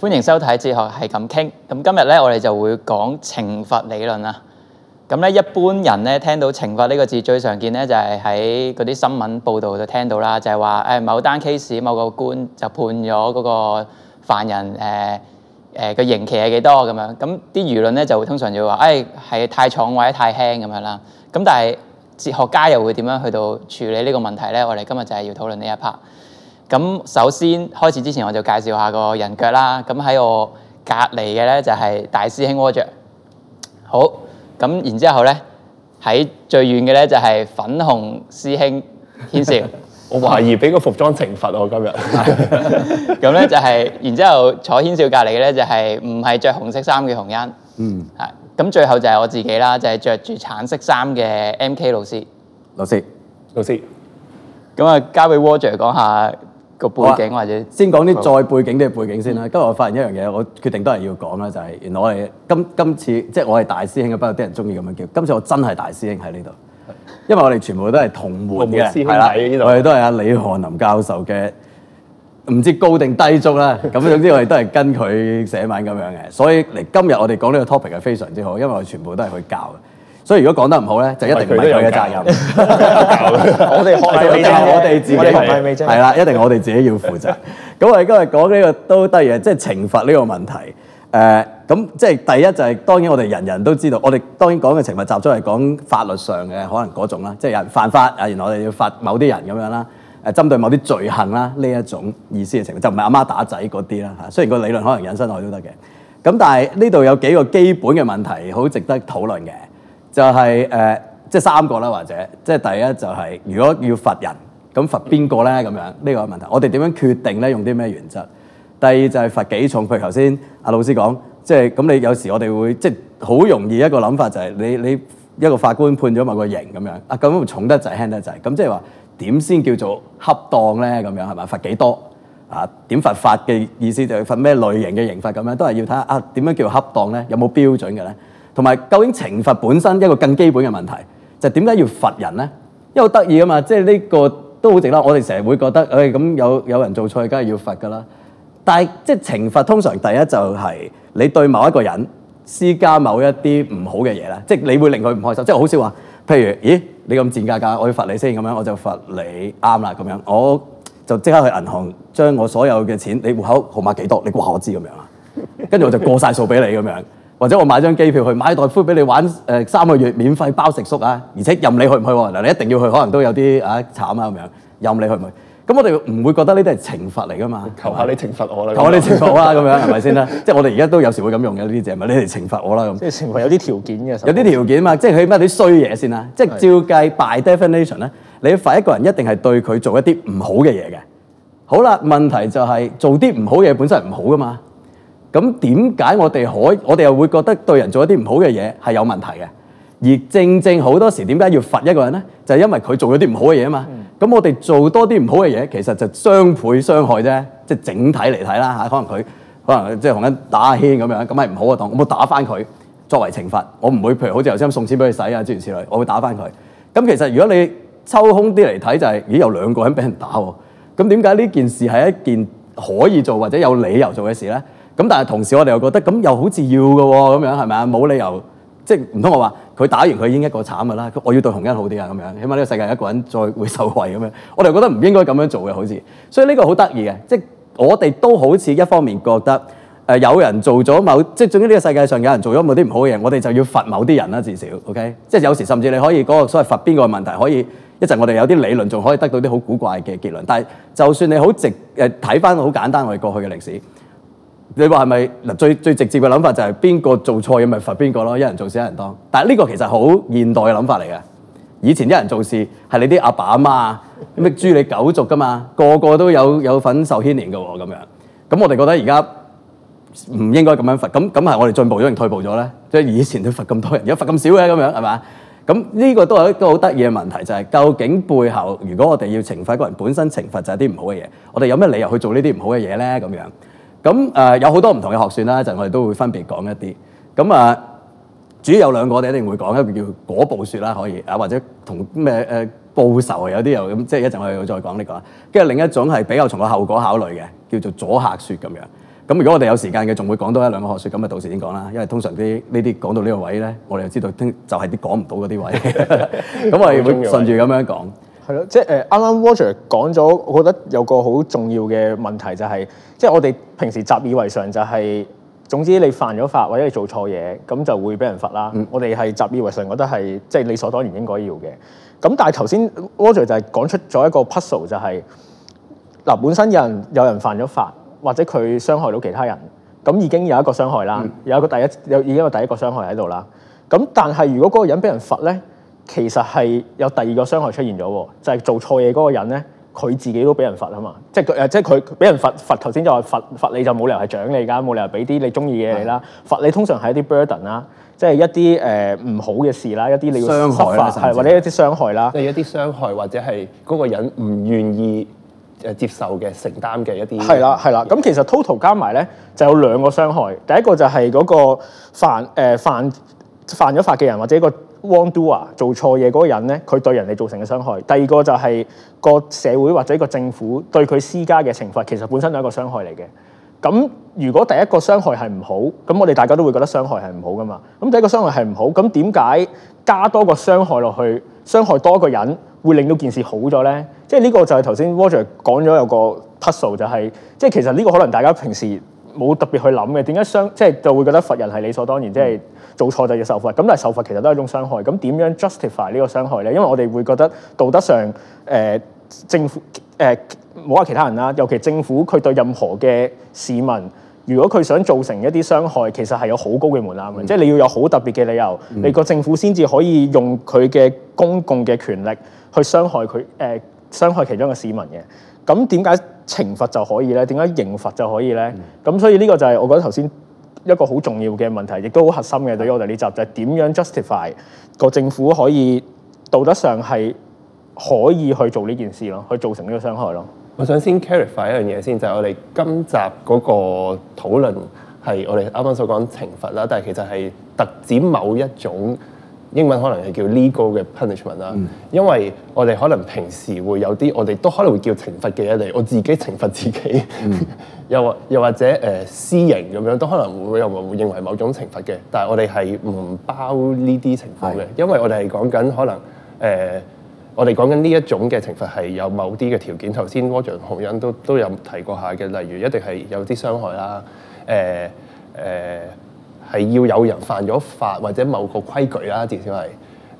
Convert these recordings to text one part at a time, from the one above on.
歡迎收睇《哲學係咁傾》。咁今日咧，我哋就會講懲罰理論啦。咁咧，一般人咧聽到懲罰呢個字，最常見咧就係喺嗰啲新聞報導度聽到啦，就係話誒某單 case 某個官就判咗嗰個犯人誒誒嘅刑期係幾多咁樣。咁啲輿論咧就會通常要話誒係太重或者太輕咁樣啦。咁但係哲學家又會點樣去到處理呢個問題咧？我哋今日就係要討論呢一 part。咁首先開始之前，我就介紹下個人腳啦。咁喺我隔離嘅咧，就係大師兄 Roger。好。咁，然之後咧喺最遠嘅咧，就係粉紅師兄軒少。我懷疑俾個服裝懲罰我今日。咁咧就係，然之後坐軒少隔離嘅咧，就係唔係著紅色衫嘅洪恩。嗯，係。咁最後就係我自己啦，就係著住橙色衫嘅 MK 老師。老師，老師。咁啊，交俾 Roger 講下。個背景或者、啊、先講啲再背景嘅背景先啦，嗯。今日我發現一樣嘢，我決定都係要講啦，就係、是、原來我哋今今次即係我係大師兄啊，不過啲人中意咁樣叫。今次我真係大師兄喺呢度，因為我哋全部都係同門嘅，係啦，我哋都係阿李翰林教授嘅，唔知道高定低足啦。咁總之我哋都係跟佢寫文咁樣嘅，所以嚟今日我哋講呢個 topic 係非常之好，因為我全部都係佢教。所以如果講得唔好咧，就一定唔係佢嘅責任。 我哋學係由我哋自己我們學咪未啦，一定我哋自己要負責。咁 我哋今日講呢個都得嘅，即係懲罰呢個問題。誒咁即係第一就係當然我哋人人都知道，我哋當然講嘅懲罰集中係講法律上嘅可能嗰種啦，即係犯法啊，原來我哋要罰某啲人咁樣啦，誒針對某啲罪行啦呢一種意思嘅懲罰，就唔係阿媽打仔嗰啲啦嚇。雖然個理論可能引申去都得嘅，咁但係呢度有幾個基本嘅問題好值得討論嘅。就係、是、誒、呃，即係三個啦，或者即係第一就係、是、如果要罰人，咁罰邊個咧？咁樣呢、這個問題，我哋點樣決定咧？用啲咩原則？第二就係罰幾重。譬如頭先阿老師講，即係咁你有時我哋會即係好容易一個諗法就係你你一個法官判咗某個刑咁樣，啊咁重得滯輕得滯，咁即係話點先叫做恰當咧？咁樣係咪？罰幾多啊？點罰法嘅意思就係罰咩類型嘅刑罰咁樣，都係要睇下啊點樣叫恰當咧？有冇標準嘅咧？同埋，究竟懲罰本身一個更基本嘅問題，就點解要罰人咧？因為好得意啊嘛，即係呢個都好值得。我哋成日會覺得，誒咁有有人做錯，梗係要罰噶啦。但係即係懲罰，通常第一就係你對某一個人施加某一啲唔好嘅嘢咧，即係你會令佢唔開心。即係好少話，譬如，咦，你咁賤格，我要罰你先咁樣，我就罰你啱啦咁樣。我就即刻去銀行將我所有嘅錢，你戶口號碼幾多？你話我知咁樣啦，跟住我就過晒數俾你咁樣。或者我買張機票去買袋灰俾你玩，誒三個月免費包食宿啊！而且任你去唔去喎，嗱你一定要去，可能都有啲嚇慘啊咁樣，任你去唔去？咁我哋唔會覺得呢啲係懲罰嚟噶嘛？求下你懲罰我啦！求下你懲罰我啦咁樣係咪先啦？即係我哋而家都有時會咁用嘅呢啲嘢，咪你嚟懲罰我啦咁。即係懲罰有啲條件嘅。有啲條件啊嘛，即係佢起碼啲衰嘢先啦？即係照計，by definition 咧，你罰一個人一定係對佢做一啲唔好嘅嘢嘅。好啦，問題就係做啲唔好嘢本身係唔好噶嘛。咁點解我哋可我哋又會覺得對人做一啲唔好嘅嘢係有問題嘅？而正正好多時點解要罰一個人咧？就係、是、因為佢做咗啲唔好嘅嘢啊嘛。咁、嗯、我哋做多啲唔好嘅嘢，其實就雙倍傷害啫，即、就、係、是、整體嚟睇啦嚇，可能佢可能即係同人打阿軒咁樣，咁係唔好嘅當，我會打翻佢作為懲罰。我唔會譬如好似頭先送錢俾佢使啊諸如此類，我會打翻佢。咁其實如果你抽空啲嚟睇，就係、是、咦有兩個人俾人打喎。咁點解呢件事係一件可以做或者有理由做嘅事咧？咁但係同時，我哋又覺得咁又好似要嘅喎，咁樣係咪啊？冇理由，即係唔通我話佢打完佢已經一個慘嘅啦。我要對洪恩好啲啊，咁樣，起碼呢個世界一個人再會受惠咁樣。我哋覺得唔應該咁樣做嘅，好似。所以呢個好得意嘅，即係我哋都好似一方面覺得、呃、有人做咗某，即係總之呢個世界上有人做咗某啲唔好嘅嘢，我哋就要罰某啲人啦。至少，OK，即係有時甚至你可以嗰個所謂罰邊個問題，可以一陣我哋有啲理論仲可以得到啲好古怪嘅結論。但就算你好直睇翻好簡單，我哋過去嘅歷史。你話係咪？嗱，最最直接嘅諗法就係邊個做錯嘢咪罰邊個咯？一人做事一人當。但係呢個其實好現代嘅諗法嚟嘅。以前一人做事係你啲阿爸阿媽，咩誅你九族㗎嘛，個個都有有份受牽連㗎喎咁樣。咁我哋覺得而家唔應該咁樣罰。咁咁係我哋進步咗定退步咗咧？即係以前都罰咁多人，而家罰咁少嘅咁樣係嘛？咁呢個都係一個好得意嘅問題，就係究竟背後如果我哋要懲罰一個人，本身懲罰就係啲唔好嘅嘢，我哋有咩理由去做呢啲唔好嘅嘢咧？咁樣？咁誒、呃、有好多唔同嘅學説啦，一陣我哋都會分別講一啲。咁啊，主要有兩個我哋一定會講，一個叫「果報說」啦，可以啊，或者同咩誒、呃、報仇，有啲又咁，即係一陣我哋會再講呢個。跟住另一種係比較從個後果考慮嘅，叫做「阻嚇說」咁樣。咁如果我哋有時間嘅，仲會講多一兩個學説，咁啊到時先講啦。因為通常啲呢啲講到呢個位咧，我哋就知道聽就係啲講唔到嗰啲位，咁 我哋 會順住咁樣講。係咯，即係誒啱啱 Roger 講咗，我覺得有個好重要嘅問題就係，即係我哋平時習以為常就係，總之你犯咗法或者你做錯嘢，咁就會俾人罰啦、嗯。我哋係習以為常，覺得係即係理所當然應該要嘅。咁但係頭先 Roger 就係講出咗一個 puzzle，就係嗱本身有人有人犯咗法，或者佢傷害到其他人，咁已經有一個傷害啦、嗯，有一個第一有已經有第一個傷害喺度啦。咁但係如果嗰個人俾人罰咧？其實係有第二個傷害出現咗喎，就係、是、做錯嘢嗰個人咧，佢自己都俾人罰啊嘛，即係佢誒，即係佢俾人罰罰。頭先就話罰罰你，就冇理由係獎你噶，冇理由俾啲你中意嘅嘢你啦。罰你通常係一啲 burden 啦，即係一啲誒唔好嘅事啦，一啲你要傷害、啊，係或者一啲傷害啦，即、就、係、是、一啲傷害或者係嗰個人唔願意誒接受嘅、承擔嘅一啲。係啦，係啦。咁其實 total 加埋咧就有兩個傷害，第一個就係嗰個、呃、犯誒犯犯咗法嘅人或者一個。汪都啊，做錯嘢嗰個人呢，佢對人哋造成嘅傷害。第二個就係個社會或者個政府對佢施加嘅懲罰，其實本身都係一個傷害嚟嘅。咁如果第一個傷害係唔好，咁我哋大家都會覺得傷害係唔好噶嘛。咁第一個傷害係唔好，咁點解加多個傷害落去，傷害多個人，會令到件事好咗呢？即係呢個就係頭先 Roger 講咗有個 puzzle，就係即係其實呢個可能大家平時冇特別去諗嘅，點解傷即係、就係、就會覺得罰人係理所當然，即、就、係、係。嗯做錯就要受罰，咁但係受罰其實都係一種傷害。咁點樣 justify 呢個傷害咧？因為我哋會覺得道德上，誒、呃、政府誒冇話其他人啦，尤其政府佢對任何嘅市民，如果佢想造成一啲傷害，其實係有好高嘅門檻嘅，即、嗯、係、就是、你要有好特別嘅理由，嗯、你個政府先至可以用佢嘅公共嘅權力去傷害佢誒、呃、傷害其中嘅市民嘅。咁點解懲罰就可以咧？點解刑罰就可以咧？咁、嗯、所以呢個就係我覺得頭先一個好重要嘅問題，亦都好核心嘅，對於我哋呢集就係點樣 justify 個政府可以道德上係可以去做呢件事咯，去造成呢個傷害咯。我想先 clarify 一樣嘢先，就係我哋今集嗰個討論係我哋啱啱所講嘅懲罰啦，但係其實係特指某一種。英文可能係叫 legal 嘅 punishment 啦、嗯，因為我哋可能平時會有啲，我哋都可能會叫懲罰嘅一類，我自己懲罰自己，嗯、又或又或者誒、呃、私刑咁樣都可能會有冇認為某種懲罰嘅，但係我哋係唔包呢啲情況嘅，因為我哋係講緊可能誒、呃，我哋講緊呢一種嘅懲罰係有某啲嘅條件，頭先 Roger 同洪恩都都有提過下嘅，例如一定係有啲傷害啦，誒、呃、誒。呃係要有人犯咗法或者某個規矩啦，至少係誒、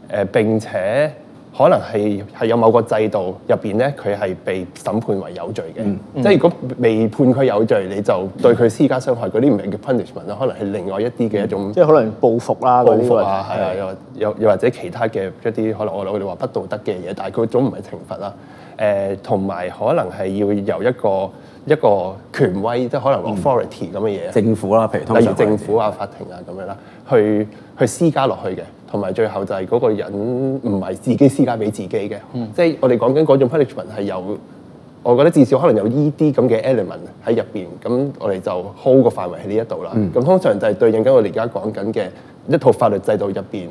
呃，並且。可能係係有某個制度入邊咧，佢係被審判為有罪嘅、嗯嗯。即係如果未判佢有罪，你就對佢施加傷害。嗰啲唔係叫 punishment 啦，可能係另外一啲嘅一種、嗯，即係可能報復啦，報復啊，係啊，又又又或者其他嘅一啲可能我哋話不道德嘅嘢，但係佢種唔係懲罰啦。誒、呃，同埋可能係要由一個一個權威，即係可能 authority 咁嘅嘢，政府啦、啊，譬如通例如政府啊、法庭啊咁樣啦，去。佢施加落去嘅，同埋最後就係嗰個人唔係自己施加俾自己嘅、嗯，即係我哋講緊嗰種 punishment 係有，我覺得至少可能有依啲咁嘅 element 喺入邊，咁我哋就 hold 個範圍喺呢一度啦。咁、嗯、通常就係對應緊我哋而家講緊嘅一套法律制度入邊，誒、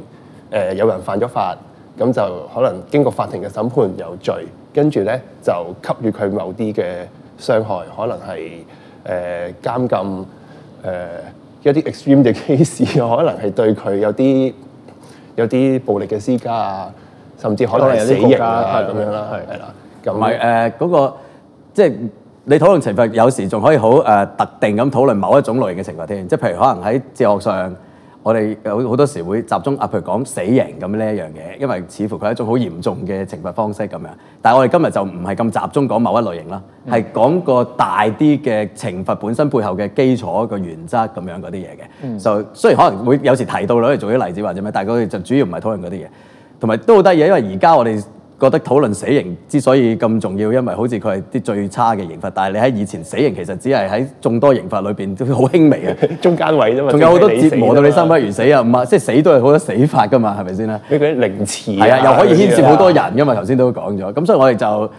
呃、有人犯咗法，咁就可能經過法庭嘅審判有罪，跟住咧就給予佢某啲嘅傷害，可能係誒、呃、監禁誒。呃一啲 extreme 嘅 case 可能係對佢有啲有啲暴力嘅施加啊，甚至可能係死刑啊，係咁樣啦，係啦，咁係誒嗰個即係你討論懲罰，有時仲可以好誒、呃、特定咁討論某一種類型嘅懲罰添，即係譬如可能喺哲學上。我哋好好多時會集中啊，譬如講死刑咁呢一樣嘢，因為似乎佢係一種好嚴重嘅懲罰方式咁樣。但係我哋今日就唔係咁集中講某一類型啦，係講個大啲嘅懲罰本身背後嘅基礎個原則咁樣嗰啲嘢嘅。就、嗯 so，雖然可能會有時提到攞嚟做啲例子或者咩，但係我哋就主要唔係討論嗰啲嘢，同埋都好得意，因為而家我哋。覺得討論死刑之所以咁重要，因為好似佢係啲最差嘅刑罰。但係你喺以前，死刑其實只係喺眾多刑罰裏面，都好輕微嘅， 中間位啫嘛。仲有好多折磨到你生不如死啊！唔係，即係死都係好多死法㗎嘛，係咪先啦？你嗰啲凌遲係啊，又可以牽涉好多人㗎嘛。頭先都講咗，咁所以我哋就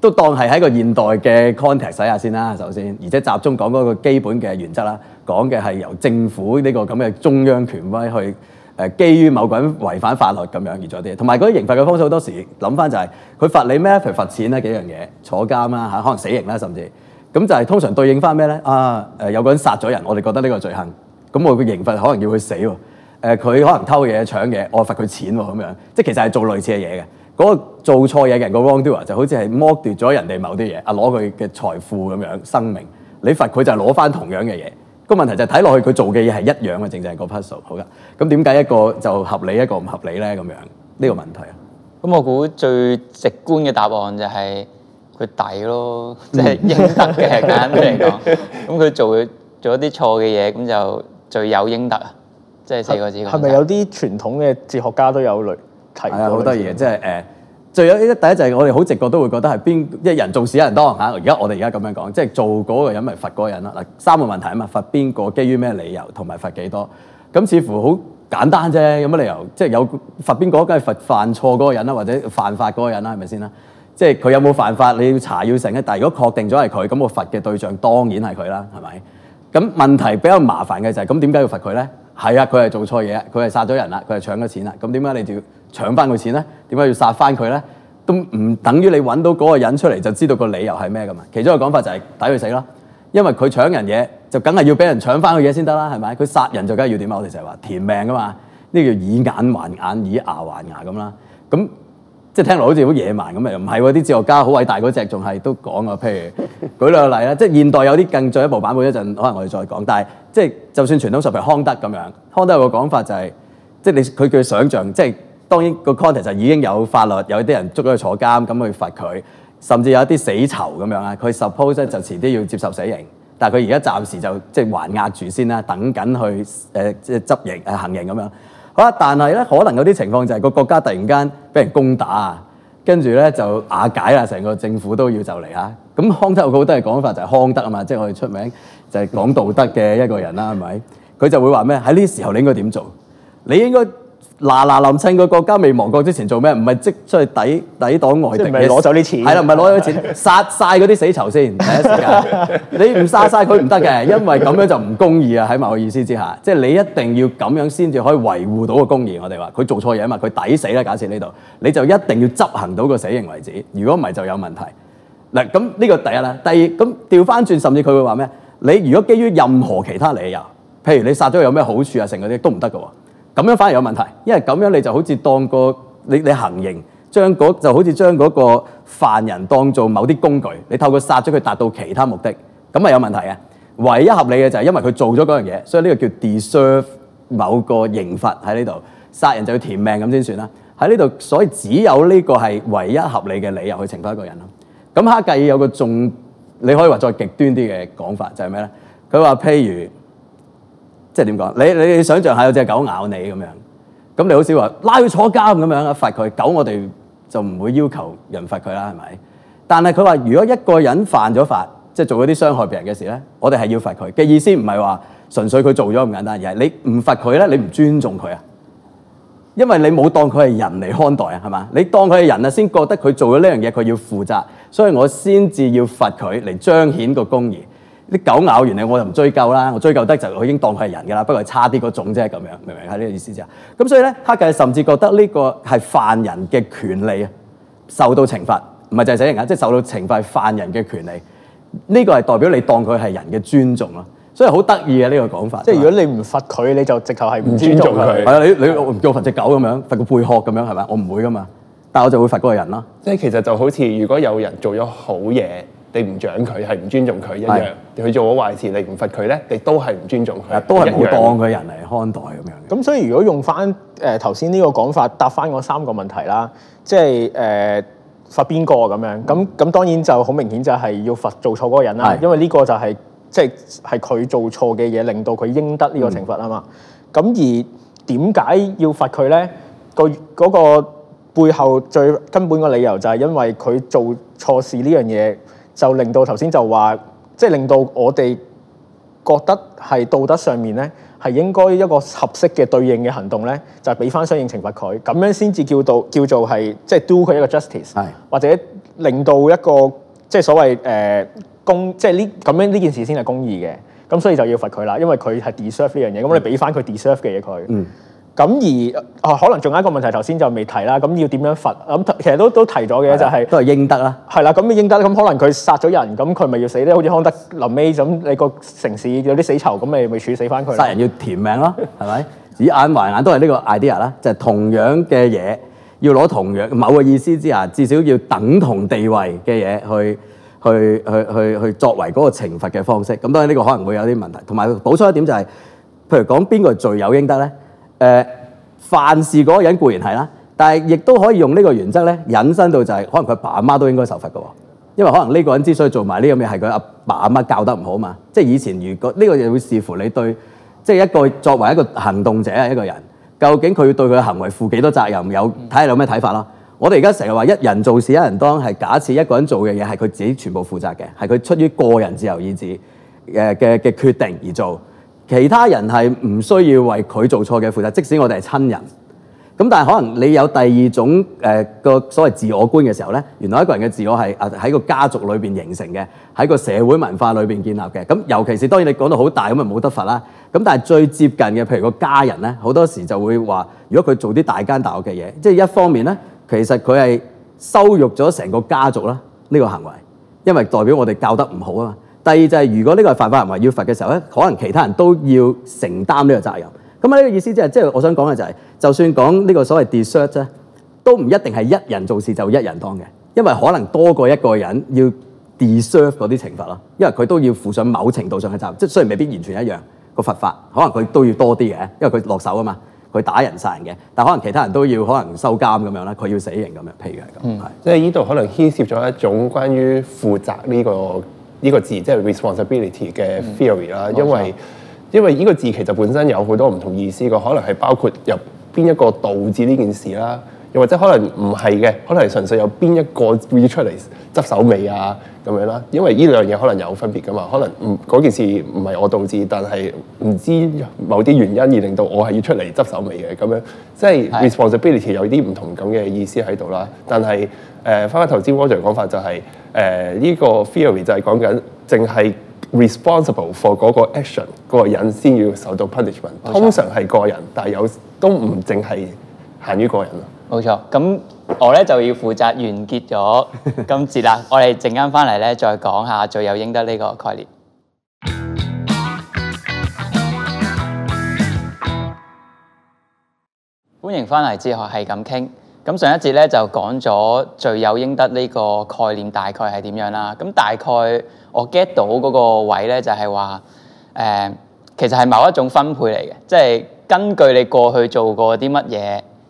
都當係喺個現代嘅 context 睇下先啦。首先，而且集中講嗰個基本嘅原則啦，講嘅係由政府呢個咁嘅中央權威去。誒基於某個人違反法律咁樣而做啲嘢。同埋嗰啲刑罰嘅方式好多時諗翻就係佢罰你咩咧？罰錢啦，幾樣嘢，坐監啦嚇，可能死刑啦，甚至咁就係通常對應翻咩咧？啊誒有個人殺咗人，我哋覺得呢個罪行，咁我個刑罰可能要佢死喎。佢、呃、可能偷嘢搶嘢，我罰佢錢喎咁樣，即係其實係做類似嘅嘢嘅。嗰、那個做錯嘢嘅人個 wrongdoer 就好似係剝奪咗人哋某啲嘢啊，攞佢嘅財富咁樣、生命，你罰佢就係攞翻同樣嘅嘢。個問題就係睇落去佢做嘅嘢係一樣嘅，正正係個 puzzle。好嘅，咁點解一個就合理，一個唔合理咧？咁樣呢個問題啊。咁我估最直觀嘅答案就係佢抵咯，即係應得嘅簡單啲嚟講。咁佢做做咗啲錯嘅嘢，咁就罪有應得啊！即係四個字。係咪有啲傳統嘅哲學家都有類提過好多嘢？即係誒。最有一第一就係我哋好直覺都會覺得係邊一人做事一人當吓。而家我哋而家咁樣講，即係做嗰個人咪罰嗰個人啦。嗱，三個問題啊嘛，罰邊個？基於咩理由？同埋罰幾多？咁似乎好簡單啫。有乜理由？即係有罰邊個，梗係罰犯錯嗰個人啦，或者犯法嗰個人啦，係咪先啦？即係佢有冇犯法？你要查要成嘅。但係如果確定咗係佢，咁我罰嘅對象當然係佢啦，係咪？咁問題比較麻煩嘅就係咁點解要罰佢咧？係啊，佢係做錯嘢，佢係殺咗人啦，佢係搶咗錢啦。咁點解你要？搶翻佢錢咧，點解要殺翻佢咧？都唔等於你揾到嗰個人出嚟，就知道個理由係咩噶嘛？其中一個講法就係抵佢死啦，因為佢搶人嘢就梗係要俾人搶翻個嘢先得啦，係咪？佢殺人就梗係要點啊？我哋成日話填命噶嘛，呢個叫以眼還眼，以牙還牙咁啦。咁即係聽落好似好野蠻咁啊？唔係喎，啲哲學家好偉大嗰隻，仲係都講啊。譬如舉兩個例啦，即係現代有啲更進一步版本，一陣可能我哋再講。但係即係就算傳統上，就譬如康德咁樣，康德有個講法就係、是、即係你佢嘅想像即係。當然個 content 就已經有法律，有啲人捉咗去坐監，咁去罰佢，甚至有一啲死囚咁樣啊。佢 suppose 咧就遲啲要接受死刑，但係佢而家暫時就即係、就是、還押住先啦，等緊去即係執刑行刑咁樣。好啦，但係咧可能有啲情況就係、是、個國家突然間俾人攻打啊，跟住咧就瓦解啦，成個政府都要就嚟嚇。咁康德個好都係講法就係康德啊嘛，即、就、係、是、我哋出名就係、是、講道德嘅一個人啦，係咪？佢就會話咩？喺呢啲時候你應該點做？你應該。嗱嗱臨趁個國家未亡國之前做咩？唔係即出去抵抵擋外敵嘅？係攞走啲錢，係啦，唔係攞咗啲錢， 殺晒嗰啲死囚先。第一時間，你唔殺晒佢唔得嘅，因為咁樣就唔公義啊！喺某個意思之下，即係你一定要咁樣先至可以維護到個公義。我哋話佢做錯嘢啊嘛，佢抵死啦！假設呢度，你就一定要執行到個死刑為止，如果唔係就有問題。嗱，咁呢個第一啦，第二咁調翻轉，甚至佢會話咩？你如果基於任何其他理由，譬如你殺咗佢有咩好處啊，成嗰啲都唔得嘅喎。咁樣反而有問題，因為咁樣你就好似當個你你行刑，將就好似將嗰個犯人當做某啲工具，你透過殺咗佢達到其他目的，咁咪有問題嘅。唯一合理嘅就係因為佢做咗嗰樣嘢，所以呢個叫 deserve 某個刑罰，喺呢度殺人就要填命咁先算啦。喺呢度所以只有呢個係唯一合理嘅理由去懲罰一個人啦。咁黑格爾有個仲你可以話再極端啲嘅講法就係咩咧？佢話譬如。即係點講？你你想象下有隻狗咬你咁樣，咁你好少話拉佢坐監咁樣啊，罰佢狗，我哋就唔會要求人罰佢啦，係咪？但係佢話如果一個人犯咗法，即係做咗啲傷害別人嘅事咧，我哋係要罰佢嘅意思唔係話純粹佢做咗咁簡單，而係你唔罰佢咧，你唔尊重佢啊，因為你冇當佢係人嚟看待啊，係嘛？你當佢係人啊，先覺得佢做咗呢樣嘢佢要負責，所以我先至要罰佢嚟彰顯個公義。啲狗咬完你，我就唔追究啦。我追究得就我已經當佢係人噶啦，不過係差啲嗰種啫，咁樣明唔明？係呢個意思啫。咁所以咧，黑格甚至覺得呢個係犯人嘅權利啊，受到懲罰，唔係就係死刑啊，即係受到懲罰係犯人嘅權利。呢個係代表你當佢係人嘅尊重咯。所以好得意嘅呢個講法。即係如果你唔罰佢，你就直頭係唔尊重佢。係啊，你你唔叫我罰隻狗咁樣，罰個貝殼咁樣係咪？我唔會噶嘛，但我就會罰嗰個人啦。即係其實就好似如果有人做咗好嘢。你唔獎佢係唔尊重佢一樣。佢做咗壞事，你唔罰佢咧，你都係唔尊重佢，都係冇當佢人嚟看待咁樣。咁所以如果用翻誒頭先呢個講法，答翻嗰三個問題啦，即係誒、呃、罰邊個咁樣？咁、嗯、咁當然就好明顯就係要罰做錯嗰個人啦，因為呢個就係即係係佢做錯嘅嘢，令到佢應得呢個懲罰啊嘛。咁、嗯、而點解要罰佢咧？個嗰、嗰個背後最根本嘅理由就係因為佢做錯事呢樣嘢。就令到頭先就話，即、就是、令到我哋覺得係道德上面咧，係應該一個合適嘅對應嘅行動咧，就俾翻相應懲罰佢，咁樣先至叫做叫做係即係 do 佢一個 justice，係、或者令到一個即係、就是、所謂、呃、公，即係呢咁樣呢件事先係公義嘅，咁所以就要罰佢啦，因為佢係 deserve 呢樣嘢，咁、嗯、你俾翻佢 deserve 嘅嘢佢。咁而哦，可能仲有一個問題，頭先就未提啦。咁要點樣罰咁？其實都都提咗嘅，就係、是、都係應得啦。係啦，咁應得咁，可能佢殺咗人，咁佢咪要死咧？好似康德臨尾咁，你、那個城市有啲死囚，咁咪咪處死翻佢。殺人要填命咯，係咪 以眼還眼都係呢個 idea 啦，就係同樣嘅嘢要攞同樣某個意思之下，至少要等同地位嘅嘢去去去去去作為嗰個懲罰嘅方式。咁當然呢個可能會有啲問題，同埋補充一點就係、是，譬如講邊個罪有應得咧？誒、呃、犯事嗰個人固然係啦，但係亦都可以用呢個原則咧，引申到就係可能佢爸阿媽都應該受罰嘅、哦，因為可能呢個人之所以做埋呢樣嘢，係佢阿爸阿媽教得唔好嘛。即係以前如果呢個嘢會視乎你對，即係一個作為一個行動者啊，一個人究竟佢對佢嘅行為負幾多責任？有睇下有咩睇法啦、嗯。我哋而家成日話一人做事一人當，係假設一個人做嘅嘢係佢自己全部負責嘅，係佢出於個人自由意志誒嘅嘅決定而做。其他人係唔需要為佢做錯嘅負責，即使我哋係親人。咁但係可能你有第二種誒、呃、個所謂自我觀嘅時候呢，原來一個人嘅自我係啊喺個家族裏面形成嘅，喺個社會文化裏面建立嘅。咁尤其是當然你講到好大咁咪冇得罰啦。咁但係最接近嘅，譬如個家人呢，好多時就會話，如果佢做啲大奸大惡嘅嘢，即、就、係、是、一方面呢，其實佢係羞辱咗成個家族啦，呢個行為，因為代表我哋教得唔好啊嘛。第二就係、是，如果呢個係犯法行為要罰嘅時候咧，可能其他人都要承擔呢個責任。咁啊，呢個意思即、就、係、是，即、就、係、是、我想講嘅就係、是，就算講呢個所謂 desert 啫，都唔一定係一人做事就一人當嘅，因為可能多過一個人要 desert 嗰啲懲罰咯。因為佢都要負上某程度上嘅責任，即係雖然未必完全一樣、嗰個罰法，可能佢都要多啲嘅，因為佢落手啊嘛，佢打人殺人嘅，但可能其他人都要可能收監咁樣啦，佢要死刑咁樣，譬如係咁。嗯，即係呢度可能牽涉咗一種關於負責呢、呢個。呢、這個字即係 responsibility 嘅 theory 啦、嗯，因為、嗯、因為呢個字其實本身有好多唔同的意思嘅，可能係包括入邊一個導致呢件事啦。又或者可能唔係嘅，可能係純粹有邊一個要出嚟執手尾啊，咁樣啦，因為呢兩樣嘢可能有分別噶嘛，可能唔嗰件事唔係我導致，但係唔知某啲原因而令到我係要出嚟執手尾嘅咁樣，即係 responsibility 是有啲唔同咁嘅意思喺度啦。但係誒，翻翻頭先江 Sir 講法就係誒呢個 theory 就係講緊淨係 responsible for 嗰個 action 嗰個人先要受到 punishment，通常係個人，但係有都唔淨係限於個人。冇錯，咁我咧就要負責完結咗今節啦。 我哋陣間翻嚟咧，再講下罪有應得呢個概念。 歡迎翻嚟《哲學係咁傾》。咁上一節咧就講咗罪有應得呢個概念大概係點樣啦。咁大概我 get 到嗰個位咧，就係話誒，其實係某一種分配嚟嘅，即係根據你過去做過啲乜嘢。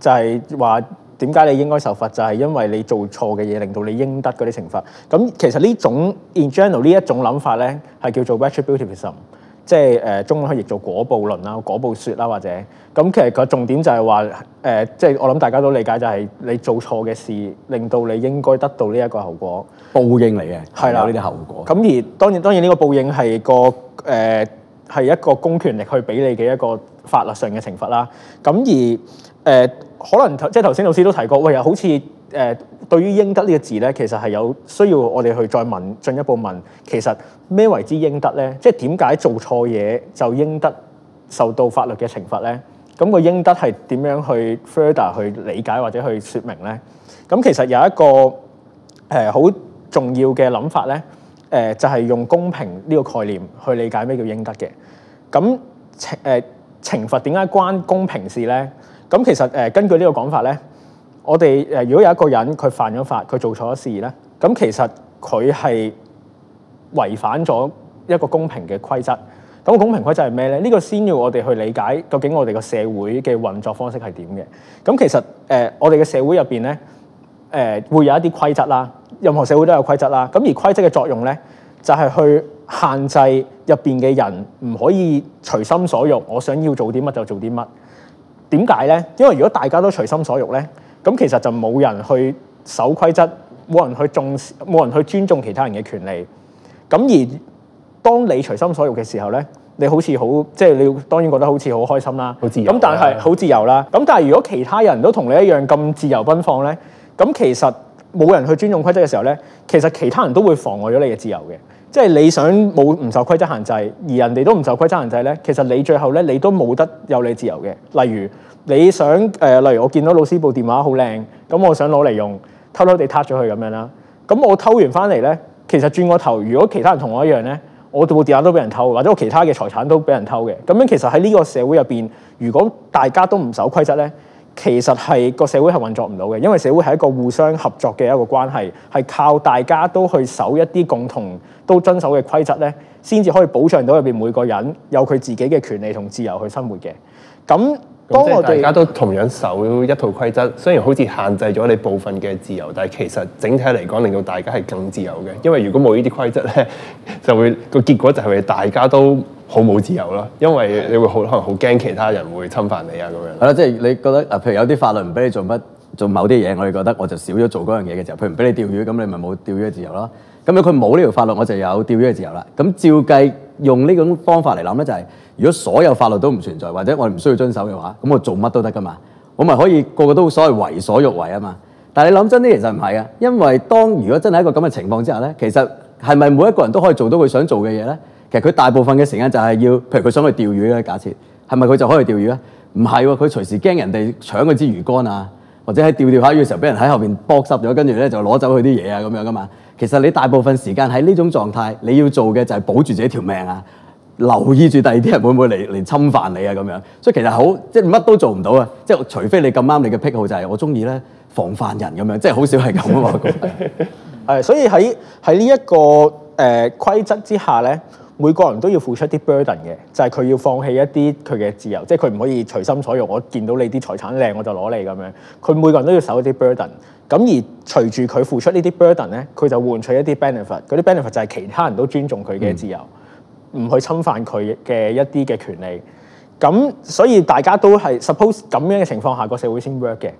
就係話點解你應該受罰，就係、是、因為你做錯嘅嘢，令到你應得嗰啲懲罰。咁其實這種 in general, 這種呢種 general 呢一種諗法咧，係叫做 retributivism，即係誒中文可以譯做果報論啦、果報説啦，或者咁。其實個重點就係話誒，即、呃、係、就是、我諗大家都理解就係、是、你做錯嘅事，令到你應該得到呢一個後果報應嚟嘅，係啦，有呢啲後果。咁而當然當然呢個報應係個誒係、呃、一個公權力去俾你嘅一個法律上嘅懲罰啦。咁而誒、呃、可能即係頭先老師都提過，喂、呃，好似誒、呃、對於應得呢個字咧，其實係有需要我哋去再問進一步問，其實咩為之應得咧？即係點解做錯嘢就應得受到法律嘅懲罰咧？咁、個應得係點樣去 further 去理解或者去説明咧？咁其實有一個誒好、呃、重要嘅諗法咧，誒、呃、就係、係、用公平呢個概念去理解咩叫應得嘅。咁、呃、懲誒懲罰點解關公平事咧？咁其實誒、呃、根據這個呢個講法咧，我哋誒、呃、如果有一個人佢犯咗法，佢做錯咗事咧，咁其實佢係違反咗一個公平嘅規則。咁、那個、公平規則係咩咧？呢、這個先要我哋去理解究竟我哋個社會嘅運作方式係點嘅。咁其實誒、呃、我哋嘅社會入邊咧，誒、呃、會有一啲規則啦。任何社會都有規則啦。咁而規則嘅作用咧，就係、是、去限制入邊嘅人唔可以隨心所欲。我想要做啲乜就做啲乜。點解咧？因為如果大家都隨心所欲咧，咁其實就冇人去守規則，冇人去重視，冇人去尊重其他人嘅權利。咁而當你隨心所欲嘅時候咧，你好似好即係你當然覺得好似好開心啦。咁、好自由啊、但係好自由啦。咁但係如果其他人都同你一樣咁自由奔放咧，咁其實冇人去尊重規則嘅時候咧，其實其他人都會妨礙咗你嘅自由嘅。即係你想冇唔受規則限制，而人哋都唔受規則限制咧，其實你最後咧，你都冇得有你自由嘅。例如你想、呃、例如我見到老師部電話好靚，咁我想攞嚟用，偷偷地撻咗佢咁樣啦。咁我偷完翻嚟咧，其實轉個頭，如果其他人同我一樣咧，我部電話都俾人偷，或者我其他嘅財產都俾人偷嘅。咁樣其實喺呢個社會入邊，如果大家都唔守規則咧，其實係個社會係運作唔到嘅，因為社會係一個互相合作嘅一個關係，係靠大家都去守一啲共同都遵守嘅規則咧，先至可以保障到入邊每個人有佢自己嘅權利同自由去生活嘅。咁當我哋大家都同樣守一套規則，雖然好似限制咗你部分嘅自由，但係其實整體嚟講令到大家係更自由嘅。因為如果冇呢啲規則咧，就會個結果就係大家都好冇自由咯，因為你會好可能好驚其他人會侵犯你啊咁樣。係咯，即係你覺得啊，譬如有啲法律唔俾你做乜做某啲嘢，我哋覺得我就少咗做嗰樣嘢嘅時候，譬如唔俾你釣魚，咁你咪冇釣魚嘅自由咯。咁樣佢冇呢條法律，我就有釣魚嘅自由啦。咁照計用呢種方法嚟諗咧，就係如果所有法律都唔存在，或者我哋唔需要遵守嘅話，咁我做乜都得噶嘛，我咪可以個個都所謂為所欲為啊嘛。但係你諗真啲，其實唔係嘅，因為當如果真係一個咁嘅情況之下咧，其實係咪每一個人都可以做到佢想做嘅嘢咧？其實佢大部分嘅時間就係要，譬如佢想去釣魚咧，假設係咪佢就可以釣魚啊？唔係喎，佢隨時驚人哋搶佢支魚竿啊，或者喺釣釣下魚嘅時候被在，俾人喺後邊搏殺咗，跟住咧就攞走佢啲嘢啊，咁樣噶嘛。其實你大部分時間喺呢種狀態，你要做嘅就係保住自己條命啊，留意住第二啲人會唔會嚟嚟侵犯你啊，咁樣。所以其實好即係乜都做唔到啊，即係除非你咁啱你嘅癖好就係、是、我中意咧防範人咁樣，樣，即係好少係咁啊。係，所以喺喺呢一個誒、呃、規則之下咧。每個人都要付出啲 burden 嘅，就係、是、佢要放棄一啲佢嘅自由，即係佢唔可以隨心所欲。我見到你啲財產靚，我就攞你咁樣。佢每個人都要受一啲 burden。咁而隨住佢付出呢啲 burden 咧，佢就換取一啲 benefit。嗰啲 benefit 就係其他人都尊重佢嘅自由，唔、嗯、去侵犯佢嘅一啲嘅權利。咁所以大家都係 suppose 咁樣嘅情況下，個社會先 work 嘅。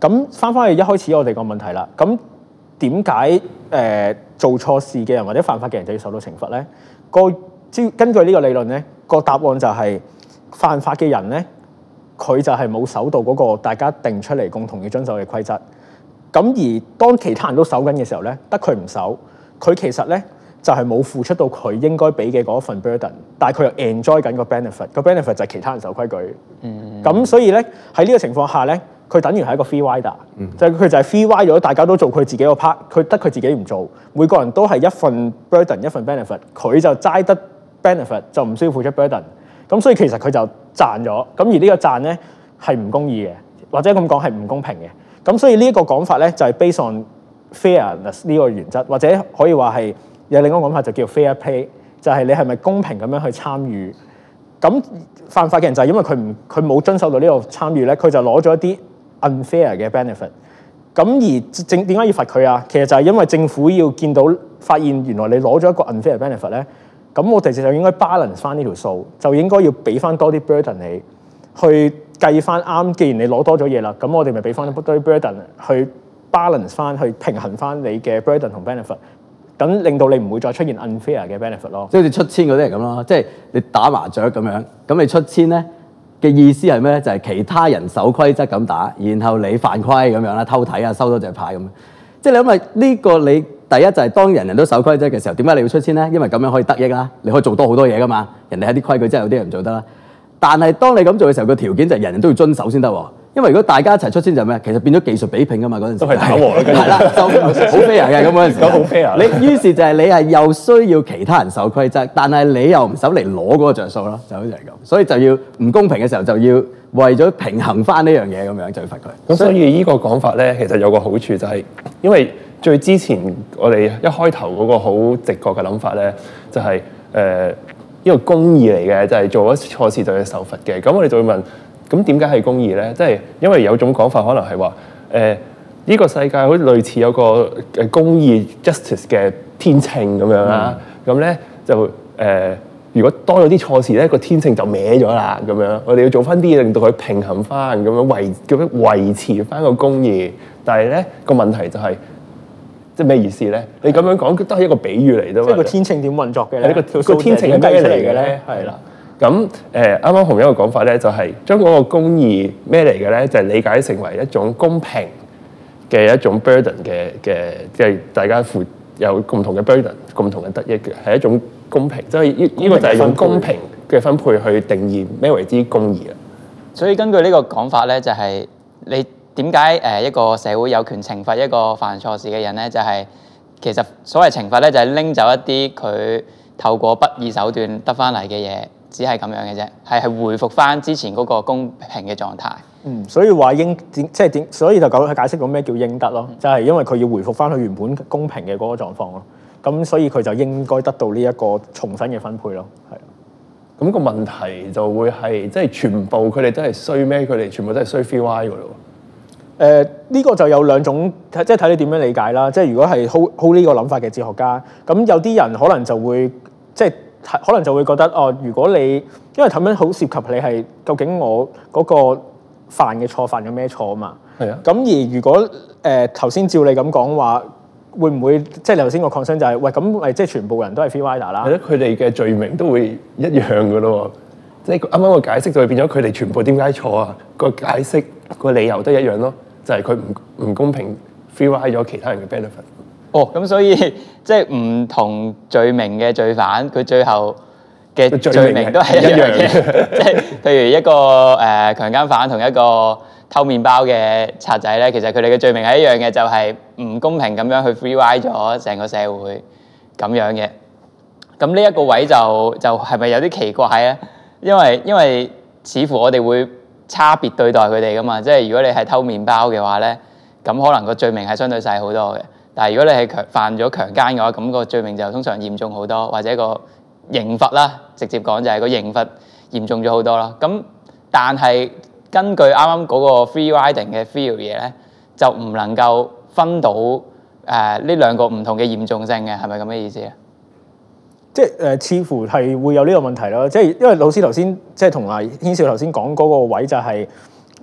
咁翻返去一開始我哋個問題啦。咁點解誒做錯事嘅人或者犯法嘅人就要受到懲罰咧？個照根據呢個理論咧，個答案就係犯法嘅人咧，佢就係冇守到嗰個大家定出嚟共同要遵守嘅規則。咁而當其他人都守緊嘅時候咧，得佢唔守，佢其實咧就係冇付出到佢應該俾嘅嗰一份 burden，但係佢又 enjoy 緊個 benefit。個 benefit 就係其他人守規矩。咁、嗯、所以咧喺呢個情況下咧。佢等於係一個 free rider 就係佢就係 free ride 咗，大家都做佢自己個 part，佢得佢自己唔做，每個人都係一份 burden 一份 benefit，佢就齋得 benefit 就唔需要付出 burden，咁所以其實佢就賺咗，咁而個呢個賺咧係唔公義嘅，或者咁講係唔公平嘅，咁所以呢一個講法咧就係、是、based on fairness 呢個原則，或者可以話係有另一個講法就叫 fair play，就係你係咪公平咁樣去參與？咁犯法嘅人就係因為佢唔佢冇遵守到呢個參與咧，佢就攞咗一啲 unfair 嘅 benefit，咁而正點解要罰佢啊？其實就係因為政府要見到發現原來你攞咗一個 unfair benefit 咧，咁我哋就應該 balance 翻呢條數，就應該要俾翻多啲 burden 你，去計翻啱。既然你攞多咗嘢啦，咁我哋咪俾翻多啲 burden 去 balance 翻，去平衡翻你嘅 burden 同 benefit，咁令到你唔會再出現 unfair 嘅 benefit 咯。即係好似出千嗰啲人咁咯，即係你打麻雀咁樣，咁你出千咧。嘅意思係咩咧？就係其他人守規則咁打，然後你犯規咁樣啦，偷睇啊，收多隻牌咁。即係你諗下呢個你第一就係當人人都守規則嘅時候，點解你要出千咧？因為咁樣可以得益啦，你可以做多好多嘢噶嘛。人哋喺啲規矩之下有啲人做得啦。但係當你咁做嘅時候，個條件就係人人都要遵守先得喎。因為如果大家一齊出先就咩？其實變咗技術比拼㗎嘛嗰陣 時，都係走黃啦。係啦，走黃好 fair 嘅咁嗰陣時，好 fair 你於是就係你係又需要其他人守規則，但係你又唔守嚟攞嗰個著數咯，就好似係咁。所以就要唔公平嘅時候就要為咗平衡返呢樣嘢咁樣，就要罰佢。咁所以，所以個呢個講法咧，其實有個好處就係、是，因為最之前我哋一開頭嗰個好直覺嘅諗法咧，就係誒呢個公義嚟嘅，就係、是、做咗錯事就要受罰嘅。咁我哋就會問。咁點解係公義咧？即係因為有種講法，可能係話誒呢個世界好似類似有個誒公義 justice 嘅天秤咁樣啦。咁、嗯、咧就誒、呃，如果多咗啲錯事咧，個天秤就歪咗啦。咁樣我哋要做翻啲嘢令到佢平衡翻，咁樣維叫咩維持翻個公義。但係咧個問題就係、是、即係咩意思咧？你咁樣講都係一個比喻嚟啫嘛。即係個天秤點運作嘅？係一、呢個條天秤計出嚟嘅咧。係啦。咁誒，啱啱洪恩個講法咧，就係將嗰個公義咩嚟嘅咧，就係、是、理解成為一種公平嘅一種 burden 嘅嘅，即係大家負有共同嘅 burden，共同嘅得益係一種公平，即係呢呢個就係用公平嘅分配去定義咩為之公義啊。所以根據個呢個講法咧，就係、是、你點解一個社會有權懲罰一個犯錯事嘅人咧？就係、是、其實所謂懲罰咧，就係、是、拎走一啲佢透過不義手段得翻嚟嘅嘢。只係咁樣嘅啫，係係回復翻之前嗰個公平嘅狀態。嗯，所以話應點即係點，所以就講解釋講咩叫應得咯，就係、是、因為佢要回復翻佢原本公平嘅嗰個狀況咯。咁所以佢就應該得到呢一個重新嘅分配咯。係咁、那個問題就會係即係全部佢哋都係衰咩？佢哋全部都係衰 free ride 㗎咯。誒、呃，呢、這個就有兩種，即係睇你點樣理解啦。即係如果係 hold hold 呢個諗法嘅哲學家，咁有啲人可能就會即係。可能就會覺得哦，如果你因為咁樣好涉及你係究竟我嗰個犯嘅錯犯咗咩錯啊嘛。係啊。咁而如果誒頭先照你咁講話，會唔會即係頭先個抗 o 就係喂咁？喂，即係全部人都係 free r 啦。係佢哋嘅罪名都會一樣噶咯。即係啱啱個解釋就會變咗，佢哋全部點解錯啊？那個解釋、那個理由都一樣咯，就係佢唔唔公平 free r 咗其他人嘅 benefit。哦，咁所以即係唔同罪名嘅罪犯，佢最後嘅罪名都係一樣嘅。即係譬如一個誒強姦犯同一個偷麵包嘅賊仔咧，其實佢哋嘅罪名係一樣嘅，就係唔公平咁樣去 free-ride 咗成個社會咁樣嘅。咁呢一個位就就係咪有啲奇怪咧？因為因為似乎我哋會差別對待佢哋㗎嘛。即係如果你係偷麵包嘅話咧，咁可能個罪名係相對細好多嘅。但係如果你係強犯咗強姦嘅話，咁個罪名就通常嚴重好多，或者個刑罰啦，直接講就係個刑罰嚴重咗好多咯。咁但係根據啱啱嗰個 free riding 嘅 theory 咧，就唔能夠分到誒呢兩個唔同嘅嚴重性嘅，係咪咁嘅意思啊？即係誒，似乎係會有呢個問題咯。即係因為老師頭先即係同阿軒少頭先講嗰個位就係、是，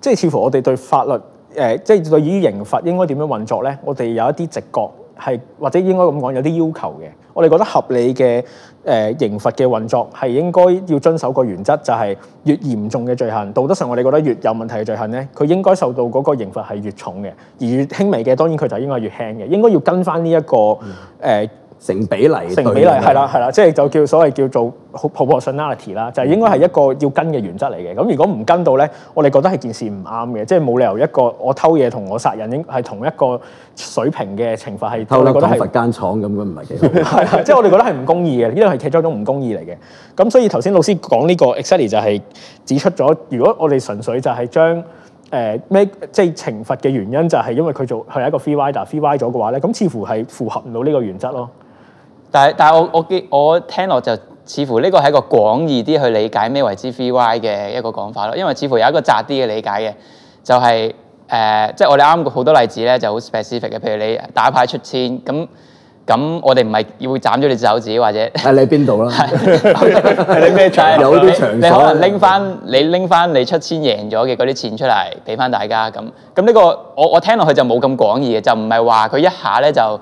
即係似乎我哋對法律。誒、呃，即、就、係、是、對於刑罰應該點樣運作咧？我哋有一啲直覺係，或者應該咁講，有啲要求嘅。我哋覺得合理嘅誒、呃、刑罰嘅運作係應該要遵守個原則，就係、是、越嚴重嘅罪行，道德上我哋覺得越有問題嘅罪行咧，佢應該受到嗰個刑罰係越重嘅，而越輕微嘅當然佢就應該越輕嘅，應該要跟翻呢一個誒。嗯呃成比例，成比例，係啦，係啦，即係就叫所謂叫做好 proportionality 啦，就係、應該係一個要跟嘅原則嚟嘅。咁如果唔跟到咧，我哋覺得係件事唔啱嘅，即係冇理由一個我偷嘢同我殺人應係同一個水平嘅懲罰係。偷啦得罰間廠咁樣唔係幾好。即、嗯、係、 就係、我哋覺得係唔公義嘅，呢個係其中一種唔公義嚟嘅。咁所以頭先老師講呢、呢個 exactly 就係指出咗，如果我哋純粹就係將誒咩即係懲罰嘅原因就係因為佢做佢係一個 free rider free ride 咗嘅話咧，咁似乎係符合唔到呢個原則咯。但係，但係我我見我聽落就似乎呢個係一個廣義啲去理解咩為之 v y 嘅一個講法咯。因為似乎有一個窄啲嘅理解嘅，就係，就係誒，即係我哋啱好多例子咧，就好 specific 嘅。譬如你打牌出千，咁咁我哋唔係要會斬咗你隻手指或者係你邊度啦？係拎咩？ 場所 有啲你可能拎翻你拎翻你出千贏咗嘅嗰啲錢出嚟俾翻大家。咁咁呢個我我聽落去就冇咁廣義嘅，就唔係話佢一下咧就。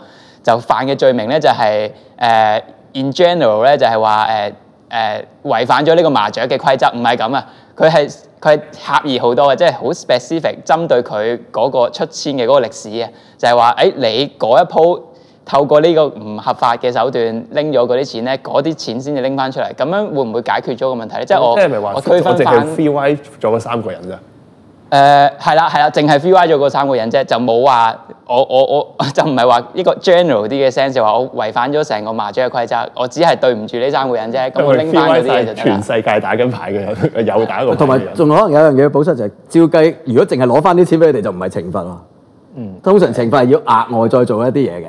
就犯嘅罪名咧，就係、是、誒、呃、in general 咧，就係話誒誒違反咗呢個麻雀嘅規則，唔係咁啊！佢係佢係刻意好多嘅，即係好 specific 針對佢嗰個出千嘅嗰個歷史啊！就係話誒，你嗰一鋪透過呢個唔合法嘅手段拎咗嗰啲錢咧，嗰啲錢先至拎翻出嚟，咁樣會唔會解決咗個問題咧？即係我即係咪話區分翻 three 咗三個人啫？誒係啦係啦，淨係 violate 咗嗰三個人啫，就冇話我我我就唔係話呢個 general 啲嘅 sense 就話我違反咗成個麻雀嘅規則，我只係對唔住呢三個人啫，咁我拎翻嗰啲嘢就得啦。全世界打緊牌嘅 有打過。同埋仲可能有一樣嘢要補出就係、是、照計，如果淨係攞翻啲錢俾你哋就唔係懲罰咯。嗯，通常懲罰係要額外再做一啲嘢嘅，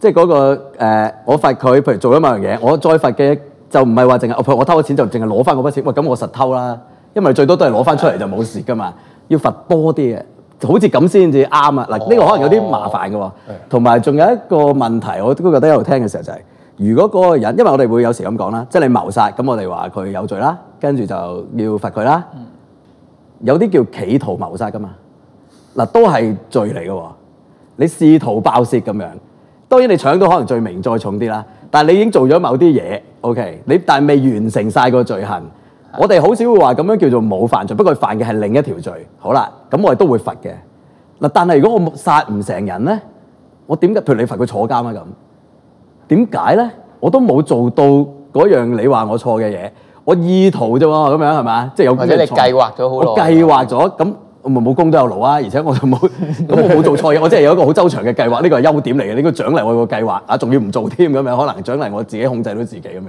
即係嗰、那個、呃、我罰佢，譬如做咗某樣嘢，我再罰嘅就唔係話淨係我偷咗錢就淨係攞翻嗰筆錢，喂咁我實偷啦，因為最多都係攞翻出嚟就冇事噶嘛。要罰多啲嘅，好似咁先至啱啊！嗱、哦，呢個可能有啲麻煩嘅喎，同埋仲有一個問題，我都覺得一路聽嘅時候就係、是，如果嗰個人，因為我哋會有時咁講啦，即係你謀殺，咁我哋話佢有罪啦，跟住就要罰佢啦。有啲叫企圖謀殺㗎嘛，嗱都係罪嚟嘅喎，你試圖爆竊咁樣，當然你搶到可能罪名再重啲啦，但係你已經做咗某啲嘢，OK，你但係未完成晒個罪行。我哋好少會話咁樣叫做冇犯罪，不過犯嘅係另一條罪。好啦，咁我哋都會罰嘅。嗱，但係如果我殺唔成人咧，我點解譬如你罰佢坐監啊？咁點解咧？我都冇做到嗰樣你話我錯嘅嘢，我意圖咋喎？咁樣係嘛？即係有。或者你計劃咗好耐。我計劃咗，咁我咪冇功都有勞啊。而且我就冇咁冇做錯嘢，我真係有一個好周詳嘅計劃，呢個係優點嚟嘅。你該獎勵我個計劃啊，仲要唔做添咁樣，可能獎勵我自己控制到自己咁樣。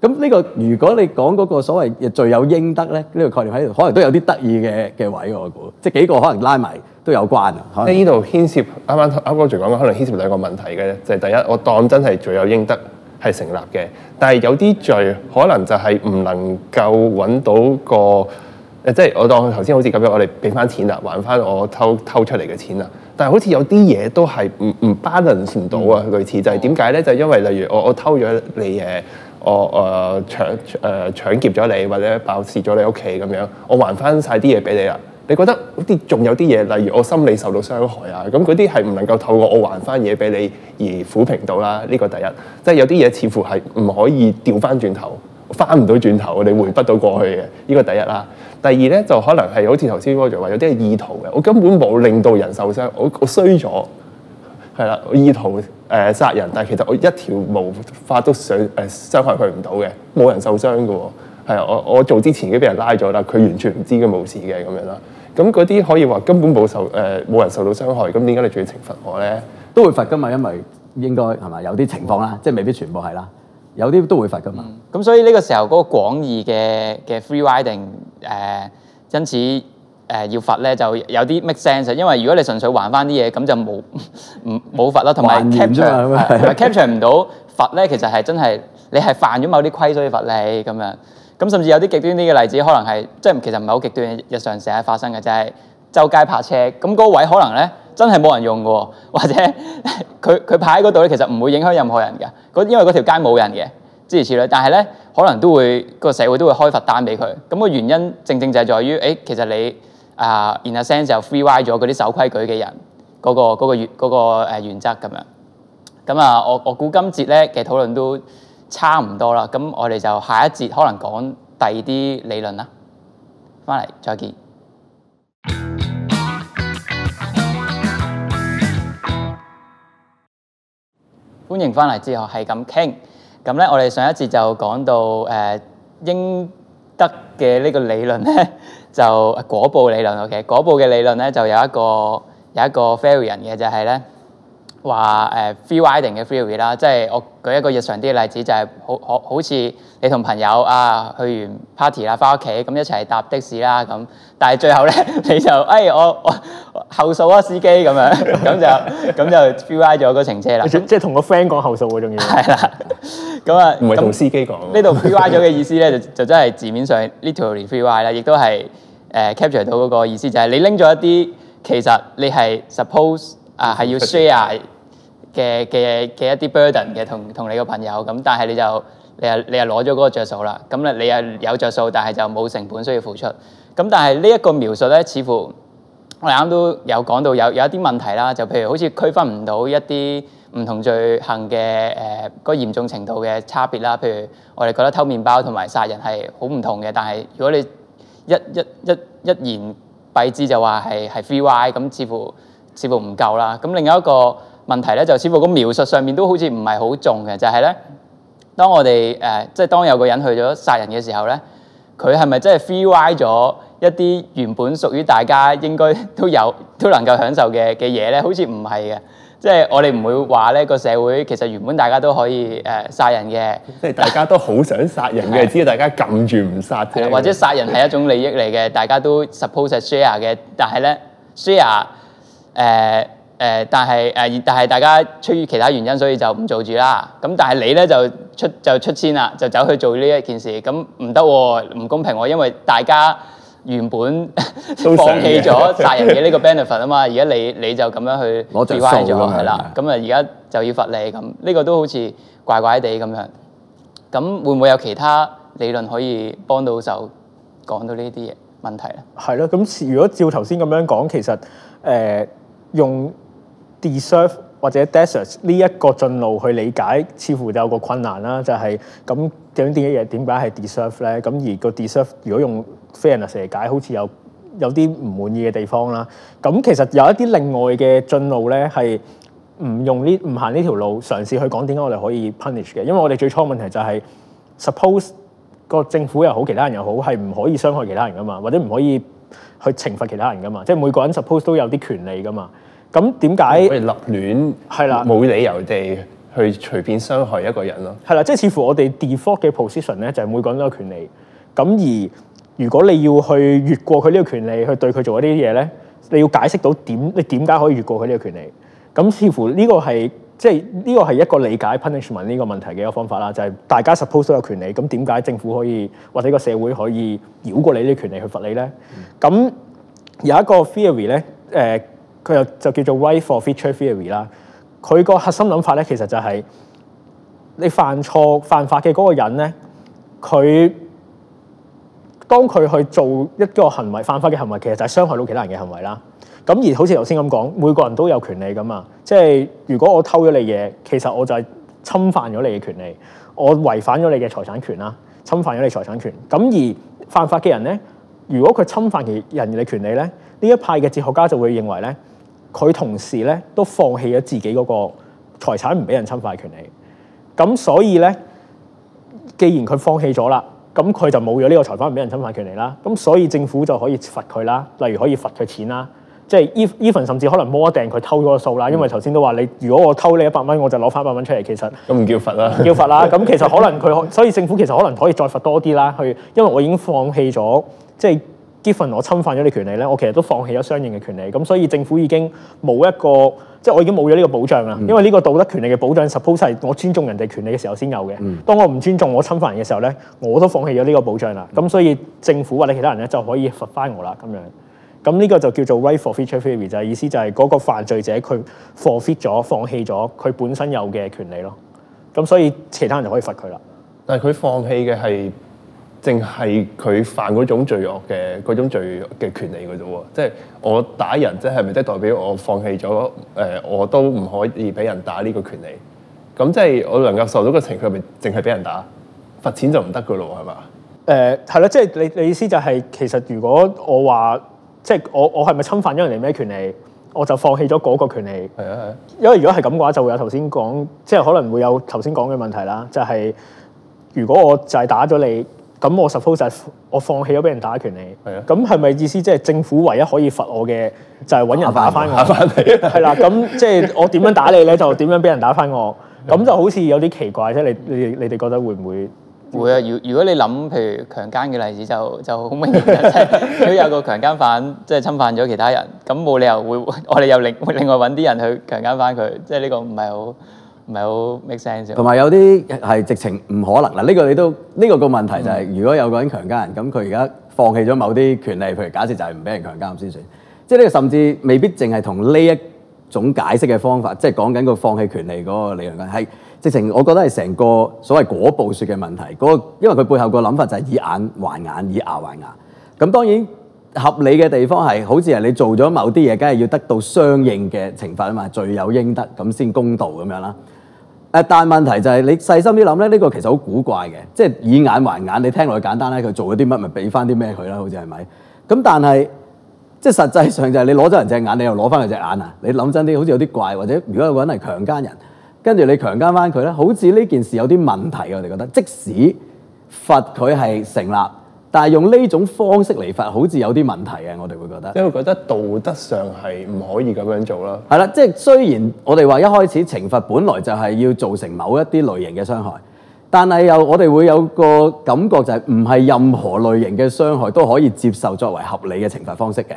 咁呢個如果你講嗰個所謂嘅罪有應得咧，呢個概念喺度，可能都有啲得意嘅嘅位我估，即係幾個可能拉埋都有關啊。呢度牽涉啱啱啱剛才講嘅，可能牽涉兩個問題嘅，就係第一，我當真係罪有應得係成立嘅，但係有啲罪可能就係唔能夠揾到個誒，即係我當頭先好似咁樣，我哋俾翻錢啦，還翻我偷偷出嚟嘅錢啦，但係好似有啲嘢都係唔唔 balance 唔到啊，類似就係點解咧？就係因為例如我我偷咗你嘢。我誒、呃搶，呃、搶劫咗你，或者爆竊咗你屋企咁樣，我還翻晒啲嘢俾你啦。你覺得啲仲有啲嘢，例如我心理受到傷害啊，咁嗰啲係唔能夠透過我還翻嘢俾你而撫平到啦。呢、這個第一，即係有啲嘢似乎係唔可以調翻轉頭，翻唔到轉頭，你回不到過去嘅。呢、這個第一啦。第二咧就可能係好似頭先嗰個話有啲係意圖嘅，我根本冇令到人受傷，我我衰咗係啦，我意圖。誒、呃、殺人，但係其實我一條毛髮都想誒、呃、傷害佢唔到嘅，冇人受傷嘅喎、哦。係啊，我我做之前已經俾人拉咗啦，佢完全唔知佢冇事嘅咁樣啦。咁嗰啲可以話根本冇受誒冇、呃、人受到傷害，咁點解你仲要懲罰我咧？都會罰噶嘛，因為應該係咪？有啲情況啦、嗯，即係未必全部係啦，有啲都會罰噶嘛。咁、嗯、所以呢個時候嗰個廣義嘅嘅 free riding 誒、呃，因此。呃、要罰咧，就有啲 make sense。因為如果你純粹還翻啲嘢，咁就冇冇罰啦。同埋 capture，capture、啊 啊、唔到罰咧，其實係真係你係犯咗某啲規所以罰你咁樣。咁甚至有啲極端啲嘅例子，可能係即係其實唔係好極端嘅，日常成日發生嘅就係、是、周街泊車咁嗰、那個、位，可能咧真係冇人用喎，或者佢佢泊喺嗰度其實唔會影響任何人嘅。因為嗰條街冇人嘅，諸如此類啦。但係咧，可能都會、這個社會都會開罰單俾佢。咁、那個原因正正就係在於誒，其實你。啊，然後 send 就 free ride 咗嗰啲守規矩嘅人，嗰、嗰個嗰、嗰個嗰個原嗰、嗰個、原則咁樣。咁啊、uh，我我估今節咧嘅討論都差唔多啦。咁我哋就下一節可能講第二啲理論啦。翻嚟再見。 歡迎翻嚟，哲學係咁傾。咁咧，我哋上一節就講到誒、uh, 應得嘅呢個理論咧。就果報理論 OK，果報嘅理論咧就有一個有一個 variant 嘅就係咧。話誒 free riding 嘅 free ride 啦，即係我舉一個日常啲嘅例子，就係、是、好可好似你同朋友啊去完 party 啦，翻屋企咁一齊搭的士啦咁，但係最後咧你就誒、哎、我我後數啊司機咁樣，咁就咁 就，就 free ride 咗個程車啦，即係同個 friend 講後數喎、啊，仲要係啦，咁啊唔係同司機講呢度 free ride 咗嘅意思咧，就就真係字面上 literally free ride 啦，亦都係誒 capture 到嗰個意思就係、是、你拎咗一啲其實你係 suppose。啊，係要 share 嘅、嘅、嘅一啲 burden 嘅同同你個朋友咁，但係你就你啊你啊攞咗嗰個著數啦，咁咧你啊有着數，但係就冇成本需要付出。咁但係呢一個描述咧，似乎我哋啱都有講到有有一啲問題啦，就譬如好似區分唔到一啲唔同罪行嘅誒嗰嚴重程度嘅差別啦。譬如我哋覺得偷麵包同埋殺人係好唔同嘅，但係如果你一一一一言蔽之就話係係 free y 咁，VY，似乎。似乎唔夠啦，咁另一個問題咧就，似乎個描述上面都好似唔係好重嘅，就係咧，當我哋誒即係當有個人去咗殺人嘅時候咧，佢係咪真係 free 歪咗一啲原本屬於大家應該都有都能夠享受嘅嘅嘢咧？好似唔係嘅，即係我哋唔會話咧個社會其實原本大家都可以誒殺人嘅，即係大家都好想殺人嘅，只係大家撳住唔殺啫。或者殺人係一種利益嚟嘅，大家都 suppose share 嘅，但係咧 share。誒、呃、誒、呃，但係誒、呃，但係大家出於其他原因，所以就唔做住啦。咁但係你咧就出就出千啦，就走去做呢一件事。咁唔得喎，唔公平喎，啊，因為大家原本放棄咗殺人嘅呢個 benefit 啊嘛。而 家你你就咁樣去奪翻咗，係啦。咁啊，而家就要罰你咁，呢、呢個都好似怪怪地咁樣。咁會唔會有其他理論可以幫到手講到呢啲嘢問題咧？係咯，咁如果照頭先咁樣講，其實誒。呃用 deserve 或者 desert 呢一個進路去理解，似乎就有個困難啦，就係咁究竟點解嘢點解係 deserve 咧？咁而個 deserve 如果用 fairness 嚟解，好似有有啲唔滿意嘅地方啦。咁其實有一啲另外嘅進路咧，係唔用呢唔行呢條路嘗試去講點解我哋可以 punish 嘅，因為我哋最初的問題就係、是、suppose 個政府又好，其他人又好，係唔可以傷害其他人噶嘛，或者唔可以。去懲罰其他人噶嘛？即係每個人 suppose 都有啲權利噶嘛？咁點解？我哋立亂係啦，冇理由地去隨便傷害一個人咯。係啦，即係似乎我哋 default 嘅 position 咧，就係每個人都有權利。咁而如果你要去越過佢呢個權利去對佢做一啲嘢咧，你要解釋到點？你點解可以越過佢呢個權利？咁似乎呢個係。即係呢個係一個理解 punishment 呢個問題嘅一個方法啦，就係大家 supposed 都有權利，咁點解政府可以或者個社會可以繞過你啲權利去罰你咧？咁、嗯、有一個 theory 咧、呃，佢又就叫做 rights forfeiture theory 啦。佢個核心諗法咧，其實就係、是、你犯錯犯法嘅嗰個人咧，佢當佢去做一個行為犯法嘅行為，其實就係傷害到其他人嘅行為啦。咁而好似頭先咁講，每個人都有權利㗎嘛。即係如果我偷咗你嘢，其實我就係侵犯咗你嘅權利，我違反咗你嘅財產權啦，侵犯咗你財產權。咁而犯法嘅人咧，如果佢侵犯人哋嘅權利咧，呢一派嘅哲學家就會認為咧，佢同時咧都放棄咗自己嗰個財產唔俾人侵犯嘅權利。咁所以咧，既然佢放棄咗啦，咁佢就冇咗呢個財產唔俾人侵犯權利啦。咁所以政府就可以罰佢啦，例如可以罰佢錢啦。即係 even 甚至可能 more 訂佢偷咗個數啦，因為頭先都話你，如果我偷你一百蚊，我就攞翻一百蚊出嚟。其實咁唔叫罰啦，叫罰啦。咁 其實可能佢，所以政府其實可能可以再罰多啲啦。去因為我已經放棄咗，即係 given 我侵犯咗你權利咧，我其實都放棄咗相應嘅權利。咁所以政府已經冇一個，即係我已經冇咗呢個保障啦。嗯、因為呢個道德權利嘅保障，suppose 係我尊重人哋權利嘅時候先有嘅。嗯、當我唔尊重我侵犯人嘅時候咧，我都放棄咗呢個保障啦。咁所以政府或者其他人咧就可以罰翻我啦。咁樣。咁呢個就叫做 rights forfeiture theory 就係意思，就係嗰個犯罪者佢 forfeit 咗，放棄咗佢本身有嘅權利咯。咁所以其他人就可以罰佢啦。但係佢放棄嘅係淨係佢犯嗰種罪惡嘅嗰種罪嘅權利嘅啫喎。即係我打人，即係咪即係代表我放棄咗？誒、呃，我都唔可以俾人打呢個權利。咁即係我能夠受到嘅懲罰，咪淨係俾人打罰錢就唔得嘅咯？係嘛？誒係咯，即係你你意思就係、是、其實如果我話。即係我我係咪侵犯咗人哋咩權利？我就放棄咗嗰個權利。係啊係。因為如果係咁嘅話，就會有頭先講，即係可能會有頭先講嘅問題啦。就係、是、如果我就係打咗你，咁我 suppose 就係我放棄咗俾人打嘅權利。係啊。咁係咪意思即係、就是、政府唯一可以罰我嘅就係、是、揾人打翻我？打翻你係啦。咁 即係我點樣打你咧？就點樣俾人打翻我？咁就好似有啲奇怪啫。你你你哋覺得會唔會？會啊！如如果你諗，譬如強姦嘅例子，就就好明顯。如果有個強姦犯，即係侵犯咗其他人，咁冇理由會我哋又另會另外揾啲人去強姦翻佢，即係呢個唔係好唔係好 make sense。同埋有啲係直情唔可能嗱，呢個你都呢個個問題就係，如果有個人強姦人，咁佢而家放棄咗某啲權利，譬如假設就係唔俾人強姦先算，即係呢個甚至未必淨係同呢一種解釋嘅方法，即係講緊個放棄權利嗰個理論係。直情，我覺得係成個所謂果報説嘅問題。個因為佢背後個諗法就係以眼還眼，以牙還牙。咁當然合理嘅地方係，好似係你做咗某啲嘢，梗係要得到相應嘅懲罰啊嘛，罪有應得，咁先公道咁樣啦。但問題就係、是、你細心啲諗咧，呢、這個其實好古怪嘅，即係以眼還眼。你聽落去簡單咧，佢做咗啲乜咪俾翻啲咩佢啦？好似係咪？咁但係即係實際上就係你攞咗人隻眼，你又攞翻佢隻眼啊？你諗真啲，好似有啲怪，或者如果有個人係強奸人。跟住你強姦翻佢咧，好似呢件事有啲問題嘅，我哋覺得，即使罰佢係成立，但係用呢種方式嚟罰，好似有啲問題嘅，我哋會覺得，因為覺得道德上係唔可以咁樣做啦。係啦，即係雖然我哋話一開始懲罰本來就係要造成某一啲類型嘅傷害，但係又我哋會有個感覺就係唔係任何類型嘅傷害都可以接受作為合理嘅懲罰方式嘅。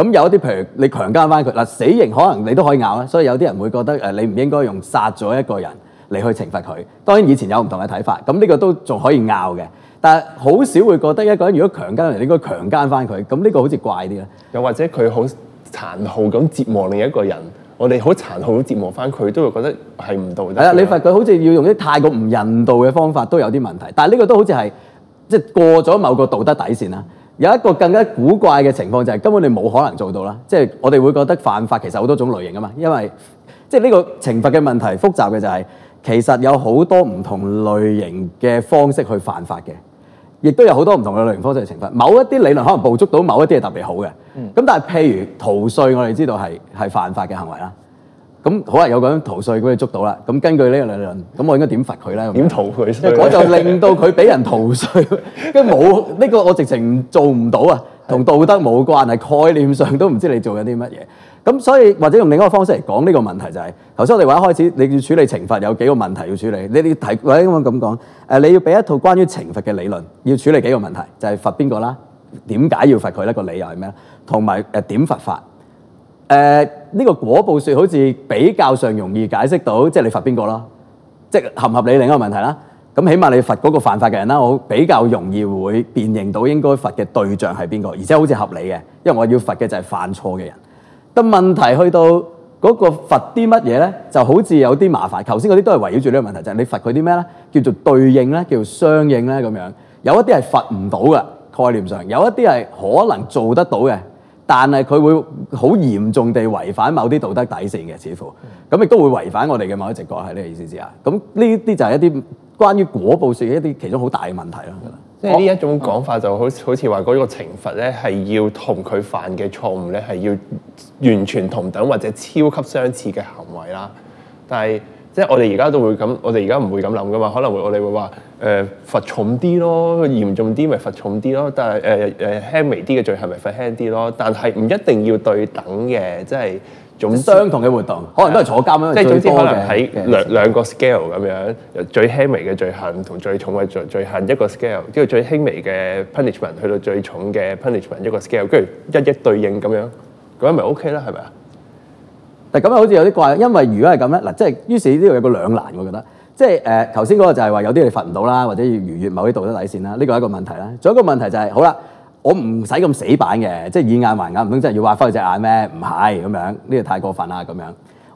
咁有啲，譬如你強姦翻佢嗱，死刑可能你都可以拗。啊。所以有啲人會覺得誒，你唔應該用殺咗一個人嚟去懲罰佢。當然以前有唔同嘅睇法，咁呢個都仲可以拗嘅。但係好少會覺得一個人如果強姦人，你應該強姦翻佢。咁呢個好似怪啲啦。又或者佢好殘酷咁折磨另一個人，我哋好殘酷咁折磨翻佢，都會覺得係唔道德。係啊，你發覺好似要用啲太過唔人道嘅方法，都有啲問題。但係呢個都好似係即係過咗某個道德底線啦。有一個更加古怪嘅情況，就係根本你冇可能做到啦。即係我哋會覺得犯法其實好多種類型啊嘛，因為即係呢個懲罰嘅問題複雜嘅就係，其實有好多唔同類型嘅方式去犯法嘅，亦都有好多唔同嘅類型嘅方式去懲罰。某一啲理論可能捕捉到某一啲係特別好嘅，咁但係譬如逃稅，我哋知道係係犯法嘅行為啦。咁可能，有個人逃稅，咁你捉到啦。咁根據呢個理論，咁我應該點罰佢咧？點逃佢稅？我就令到佢俾人逃稅、 這個，跟冇呢個我直情做唔到啊，同道德冇關係，概念上都唔知你做緊啲乜嘢。咁所以或者用另一個方式嚟講呢個問題就係、是，頭先我哋話一開始你要處理懲罰有幾個問題要處理，你哋提或者咁講，誒你要俾一套關於懲罰嘅理論，要處理幾個問題，就係、是、罰邊個啦？點解要罰佢呢？個理由係咩？同埋誒點罰法？誒、呃、呢、這個果報説好似比較上容易解釋到，即係你罰邊個咯，即係合唔合理另一個問題啦。咁起碼你罰嗰個犯法嘅人啦，我比較容易會辨認到應該罰嘅對象係邊個，而且好似合理嘅，因為我要罰嘅就係犯錯嘅人。但問題去到嗰、那個罰啲乜嘢咧，就好似有啲麻煩。頭先嗰啲都係圍繞住呢個問題，就係、是、你罰佢啲咩咧，叫做對應咧，叫做相應咧咁樣。有一啲係罰唔到嘅概念上，有一啲係可能做得到嘅。但係佢會好嚴重地違反某啲道德底線嘅，似乎咁亦都會違反我哋嘅某一個直覺，係呢個意思先啊。咁呢啲就係一啲關於果報説一啲其中好大嘅問題啦、哦。即係呢一種講法就好像、嗯、好似話嗰個懲罰咧係要同佢犯嘅錯誤咧係要完全同等或者超級相似嘅行為啦，但係。即係我哋而家都會咁，我哋而家唔會咁諗噶嘛。可能會我哋會話誒罰重啲咯，嚴重啲咪罰重啲咯。但係誒誒輕微啲嘅罪行咪罰輕啲咯。但係唔一定要對等嘅，即係總相同嘅活動，可能都係坐監咯。即係總之可能喺兩兩個 scale 咁樣，最輕微嘅罪行同最重嘅罪罪行一個 scale，即係最輕微嘅 punishment 去到最重嘅 punishment 一個 scale，跟住一一對應咁樣，咁樣咪 OK 啦，係咪啊？嗱咁啊，好似有啲怪，因為如果係咁咧，嗱，即係於是呢度有個兩難，我覺得，即係誒頭先嗰個就係話有啲你罰唔到啦，或者要逾越某啲道德底線啦，呢個係一個問題啦。仲有一個問題就係、是，好啦，我唔使咁死板嘅，即係以眼還眼，唔通真係要挖翻隻眼咩？唔係咁樣，呢個太過分啦咁樣。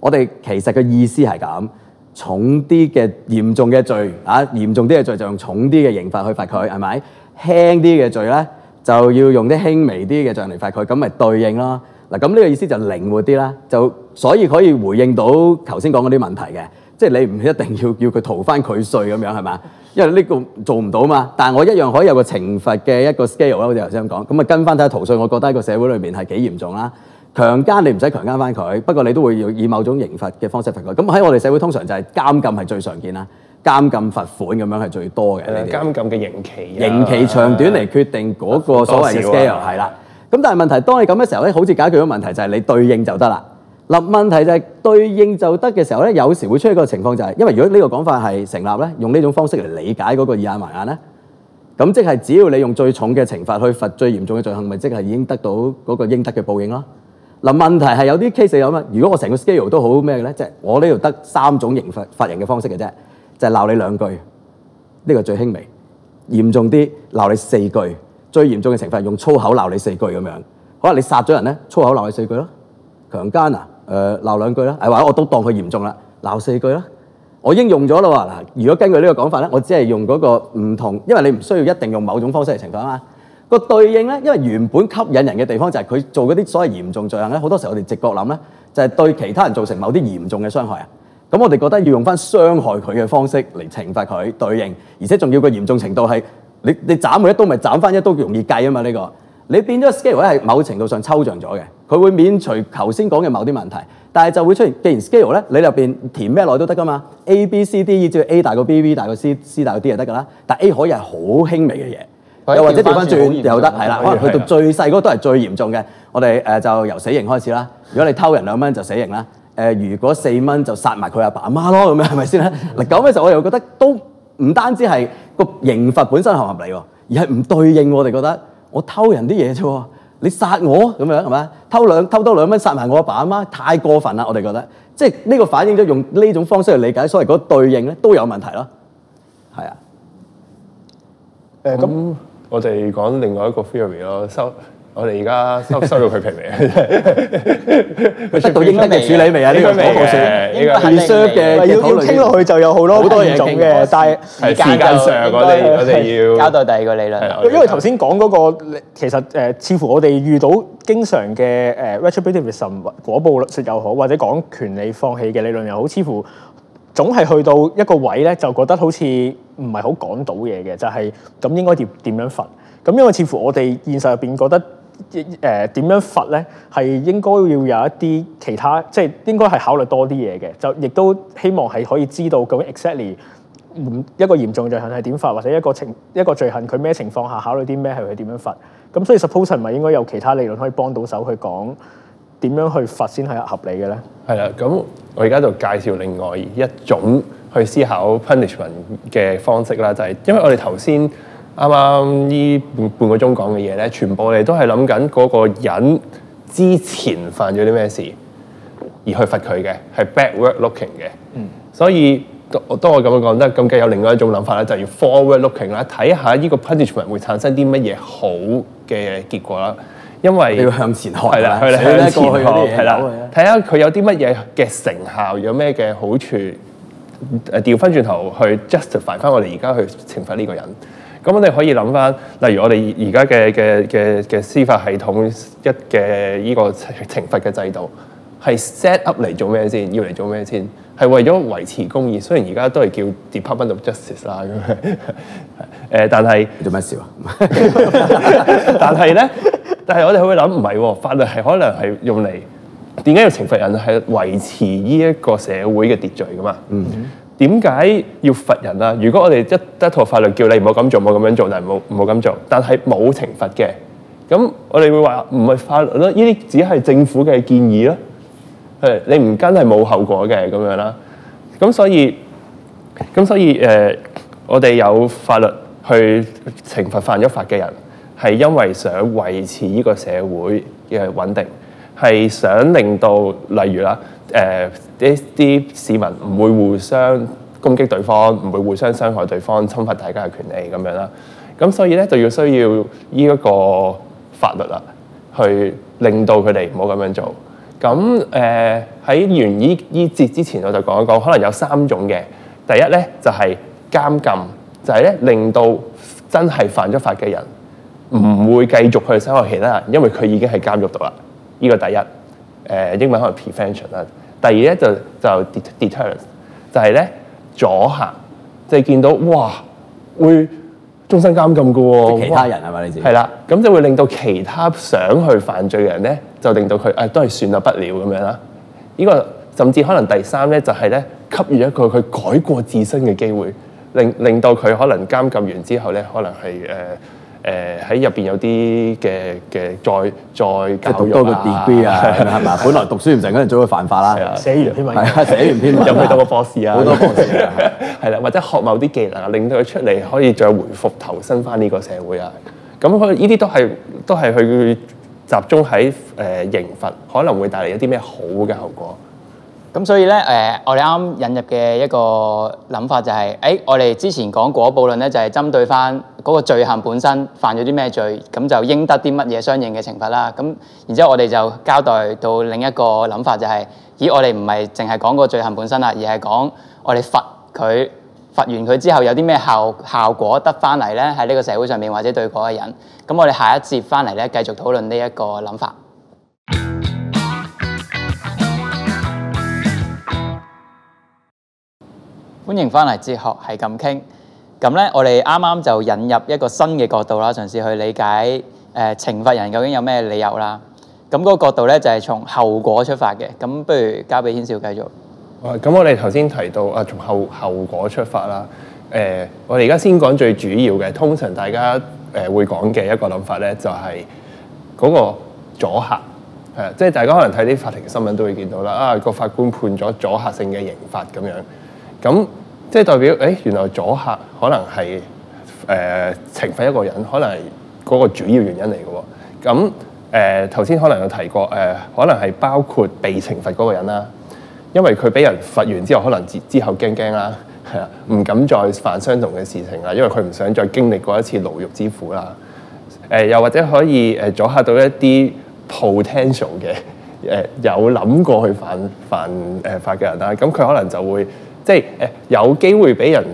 我哋其實個意思係咁，重啲嘅嚴重嘅罪啊，嚴重啲嘅罪就用重啲嘅刑罰去罰佢，係咪？輕啲嘅罪咧，就要用啲輕微啲嘅罪嚟罰佢，咁咪對應咯。咁呢個意思就靈活啲啦，就所以可以回應到頭先講嗰啲問題嘅，即係你唔一定要叫佢逃翻佢稅咁樣係嘛？因為呢個做唔到嘛。但係我一樣可以有個懲罰嘅一個 scale 啦，我哋頭先咁講。咁啊跟翻睇下逃稅，我覺得喺個社會裏面係幾嚴重啦。強姦你唔使強姦翻佢，不過你都會要以某種刑罰嘅方式罰佢。咁喺我哋社會通常就係監禁係最常見啦，監禁罰款咁樣係最多嘅。誒，監禁嘅刑期、啊，刑期長短嚟決定嗰個所謂嘅 scale 係啦、啊。咁但係問題是，當你咁嘅時候咧，好似解決咗問題，就係、是、你對應就得啦。嗱，問題就係、是、對應就得嘅時候咧，有時會出現一個情況就係、是，因為如果呢個講法係成立咧，用呢種方式嚟理解嗰個以眼還眼咧，咁即係只要你用最重嘅懲罰去罰最嚴重嘅罪行，咪即係已經得到嗰個應得嘅報應咯。嗱，問題係有啲 case 有乜？如果我成個 scale 都好咩嘅咧，即係、就是、我呢度得三種刑罰罰刑嘅方式嘅啫，就係、是、鬧你兩句，呢、這個最輕微；嚴重啲鬧你四句。最嚴重嘅懲罰係用粗口鬧你四句咁樣，可能你殺咗人呢，粗口鬧你四句咯。強奸啊，誒、呃、鬧兩句啦，誒、哎、或我都當佢嚴重啦，鬧四句啦。我已經用咗啦喎，嗱，如果根據呢個講法呢，我只係用嗰個唔同，因為你唔需要一定用某種方式嚟懲罰啊嘛。個對應呢，因為原本吸引人嘅地方就係佢做嗰啲所謂嚴重罪行咧，好多時候我哋直覺諗呢，就係、是、對其他人造成某啲嚴重嘅傷害啊。咁我哋覺得要用翻傷害佢嘅方式嚟懲罰佢對應，而且仲要個嚴重程度係。你你，斬佢一刀，咪斬翻一刀容易計啊嘛呢個，你變咗 scale 係某程度上抽象咗嘅，佢會免除頭先講嘅某啲問題，但係就會出現，既然 scale 咧，你入邊填咩內都得噶嘛，A B C D E 照 A 大過 B，B B, C, C 大過 C，C 大過 D 就得噶啦，但係 A 可以係好輕微嘅嘢，又或者調翻轉又得，係啦，可能去到最細嗰個都係最嚴重嘅，我哋就由死刑開始啦，如果你偷人兩蚊就死刑啦，如果四蚊就殺埋佢阿爸阿媽咯，咁樣係咪先咧？嗱咁嘅時候我又覺得都。唔單止係個刑罰本身合唔合理喎，而係唔對應，我哋覺得我偷人啲嘢啫，你殺我咁樣係咪？偷兩偷多兩蚊殺埋我阿爸阿媽，太過分啦！我哋覺得即係呢、這個反映咗用呢種方式去理解所謂嗰對應咧，都有問題咯。係啊。誒、呃、咁，嗯、我哋講另外一個 theory 咯。收。我哋而家收收到佢平未啊？得到應得嘅處理未啊？呢、這個果報説，呢、這個係 serve 嘅，要要聽落、就是、去就有好多好多嘢傾嘅。但係時間上我哋我哋要交代第二個理論啦。因為頭先講嗰個其實誒、呃，似乎我哋遇到經常嘅誒 retributive punishment 果報説又好，或者講權利放棄嘅理論又好，似乎總係去到一個位咧，就覺得好似唔係好講到嘢嘅，就係、是、咁應該點點樣罰？咁因為似乎我哋現實入邊覺得。誒、呃、點樣罰咧？係應該要有一啲其他，即係應該係考慮多啲嘢嘅。就亦都希望係可以知道究竟 exactly 一個嚴重的罪行係點罰，或者一個情一個罪行佢咩情況下考慮啲咩係佢點樣罰。咁所以 supposition 咪應該有其他理論可以幫到手去講點樣去罰先係合理嘅咧？係啦，咁我而家就介紹另外一種去思考 punishment 嘅方式啦，就係、是、因為我哋頭先。啱啱呢半半個鐘講嘅嘢咧，全部你都係諗緊嗰個人之前犯咗啲咩事而去罰佢嘅，係 backward looking 嘅。嗯，所以當我當我咁樣講咧，咁梗有另外一種諗法咧，就係要 forward looking 啦，睇下呢個 punishment 會產生啲乜嘢好嘅結果啦。因為要向前看，係啦，向前看，係啦，睇下佢有啲乜嘢嘅成效，有咩嘅好處，調翻轉頭去 justify 翻我哋而家去懲罰呢個人。咁我哋可以諗翻，例如我哋而家嘅嘅嘅嘅司法系統一嘅呢個懲罰嘅制度，係 set up 嚟做咩先？要嚟做咩先？係為咗維持公義。雖然而家都係叫 Department of Justice 啦咁樣，誒，但係做咩事啊？但係咧、啊， 但係我哋會諗，唔係、哦、法律係可能係用嚟點解要懲罰人係維持呢一個社會嘅秩序噶嘛？嗯。點解要罰人呀？如果我哋一一套法律叫你唔好咁做，唔好咁樣做，但係冇唔好咁做，但係冇懲罰嘅，咁我哋會話唔係法律咯，呢啲只係政府嘅建議咯。係你唔跟係冇後果嘅咁樣啦。咁所以咁所以誒、呃，我哋有法律去懲罰犯咗法嘅人，係因為想維持呢個社會嘅穩定，係想令到例如啦誒。呃啲市民唔會互相攻擊對方，唔會互相傷害對方，侵犯大家嘅權利咁樣啦。咁所以咧就要需要呢一個法律啦，去令到佢哋唔好咁樣做。咁誒喺完依依節之前，我就講一講，可能有三種嘅。第一咧就係、是、監禁，就係、是、咧令到真係犯咗法嘅人唔會繼續去傷害其他人，因為佢已經係監獄度啦。呢、這個第一，誒、呃、英文可能 prevention 啦。第二咧就就 deterrence 就係咧，阻嚇，即係見到哇會終身監禁嘅喎、哦，其他人係咪？你知，自己係啦，咁就會令到其他想去犯罪嘅人咧，就令到佢誒、哎、都係算啦不了咁樣啦。呢、嗯這個甚至可能第三咧就係、是、咧給予一個佢改過自新嘅機會，令令到佢可能監禁完之後咧，可能係誒。呃誒喺入邊有啲嘅嘅，再再教、啊、讀多個 degree 啊，係咪 本來讀書唔成嗰陣，最會犯法啦。寫完篇文，係、啊、寫完篇文 去到個博士啊，好多博士啊，係啦、 啊，或者學某啲技能啊，令到佢出嚟可以再回復投身翻呢個社會啊。咁佢呢啲都係都係去集中喺誒、呃、刑罰，可能會帶嚟一啲咩好嘅後果。咁所以呢，誒，我哋啱啱引入嘅一個諗法就係，誒，我哋之前講果報論呢，就係針對翻嗰個罪行本身犯咗啲咩罪，咁就應得啲乜嘢相應嘅懲罰啦。咁然之後我哋就交代到另一個諗法，就係，咦，我哋唔係淨係講個罪行本身啦，而係講我哋罰佢，罰完佢之後有啲咩效效果得翻嚟呢？喺呢個社會上面或者對嗰個人，咁我哋下一節翻嚟呢，繼續討論呢一個諗法。歡迎翻嚟《哲學係咁傾》咁咧，我哋啱啱就引入一個新嘅角度啦，嘗試去理解誒、呃、懲罰人究竟有咩理由啦。咁個個角度咧就係、是、從後果出發嘅。咁不如交俾軒少繼續。咁、啊、我哋頭先提到啊，從後，後果出發啦、呃。我哋而家先講最主要嘅，通常大家誒、呃、會講嘅一個諗法咧，就係、是、嗰個阻嚇、啊、即係大家可能睇啲法庭的新聞都會見到啦。啊，個法官判咗阻嚇性嘅刑罰咁樣。咁即係代表誒、欸，原來阻嚇可能係誒、呃、懲罰一個人，可能係嗰個主要原因嚟嘅。咁誒頭先可能有提過誒、呃，可能係包括被懲罰嗰個人啦，因為佢俾人罰完之後，可能之之後驚驚啦，係啊，唔敢再犯相同嘅事情啦，因為佢唔想再經歷過一次牢獄之苦啦。誒、呃、又或者可以誒阻嚇到一啲 potential 嘅誒、呃、有諗過去犯犯誒、呃、法嘅人啦，咁佢可能就會。即係誒有機會俾人誒、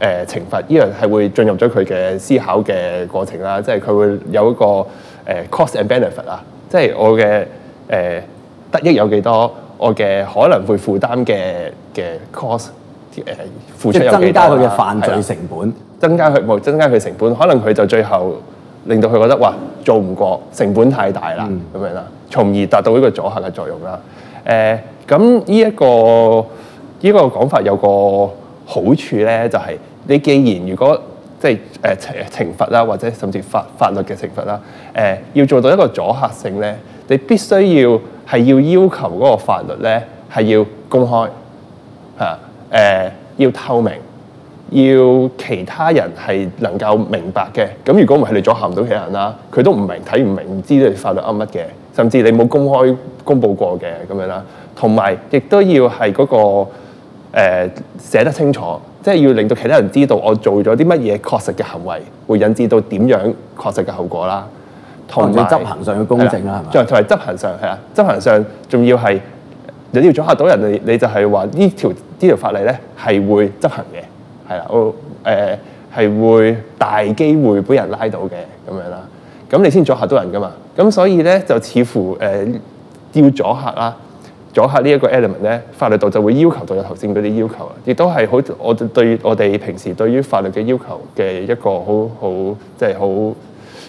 呃、懲罰，依樣係會進入咗佢嘅思考嘅過程啦。即係佢會有一個誒、呃、cost and benefit 啊，即係我嘅誒得益有幾多，我嘅可能會負擔嘅嘅 cost 誒、呃、付出有幾多啦。增加佢嘅犯罪成本，增加佢冇增加佢成本，可能佢就最後令到佢覺得嘩，做唔過，成本太大啦，咁、嗯、樣啦，從而達到呢個阻嚇嘅作用啦。誒咁呢一個。呢、這個講法有個好處咧，就係、是、你既然如果即係誒懲懲罰啦，或者甚至法法律嘅懲罰啦，誒、呃、要做到一個阻嚇性咧，你必須要係要要求嗰個法律咧係要公開嚇誒、啊呃、要透明，要其他人係能夠明白嘅。咁如果唔係你阻嚇唔到嘅人啦，佢都唔明睇唔明唔知道你法律噏乜嘅，甚至你冇公開公佈過嘅咁樣啦，同埋亦都要係嗰、那個。誒、呃、寫得清楚，即係要令到其他人知道我做咗啲乜嘢確實嘅行為，會引致到點樣確實嘅後果啦。同埋執行上嘅公正啦，係嘛？同埋執行上係啊，執行上仲要係你要阻嚇到人哋，你就係話呢條呢條法例咧係會執行嘅，係啦，我誒係會大機會俾人拉到嘅咁樣啦。咁你先阻嚇到人噶嘛？咁所以咧就似乎誒、呃、要阻嚇啦。阻嚇呢一個 element 咧，法律度就會要求到有頭先嗰啲要求啊，亦都係好我對我哋平時對於法律嘅要求嘅一個好好即係好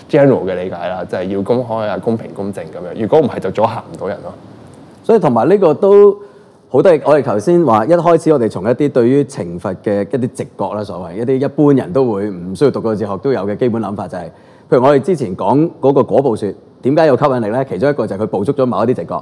general 嘅理解啦，就係要公開啊、公平公正咁樣。如果唔係就阻嚇唔到人咯。所以同埋呢個都好多，我哋頭先話一開始我哋從一啲對於懲罰嘅一啲直覺啦，所謂一啲一般人都會唔需要讀過哲學都有嘅基本諗法，就係譬如我哋之前講嗰個果報説，點解有吸引力咧？其中一個就係佢捕捉咗某一啲直覺。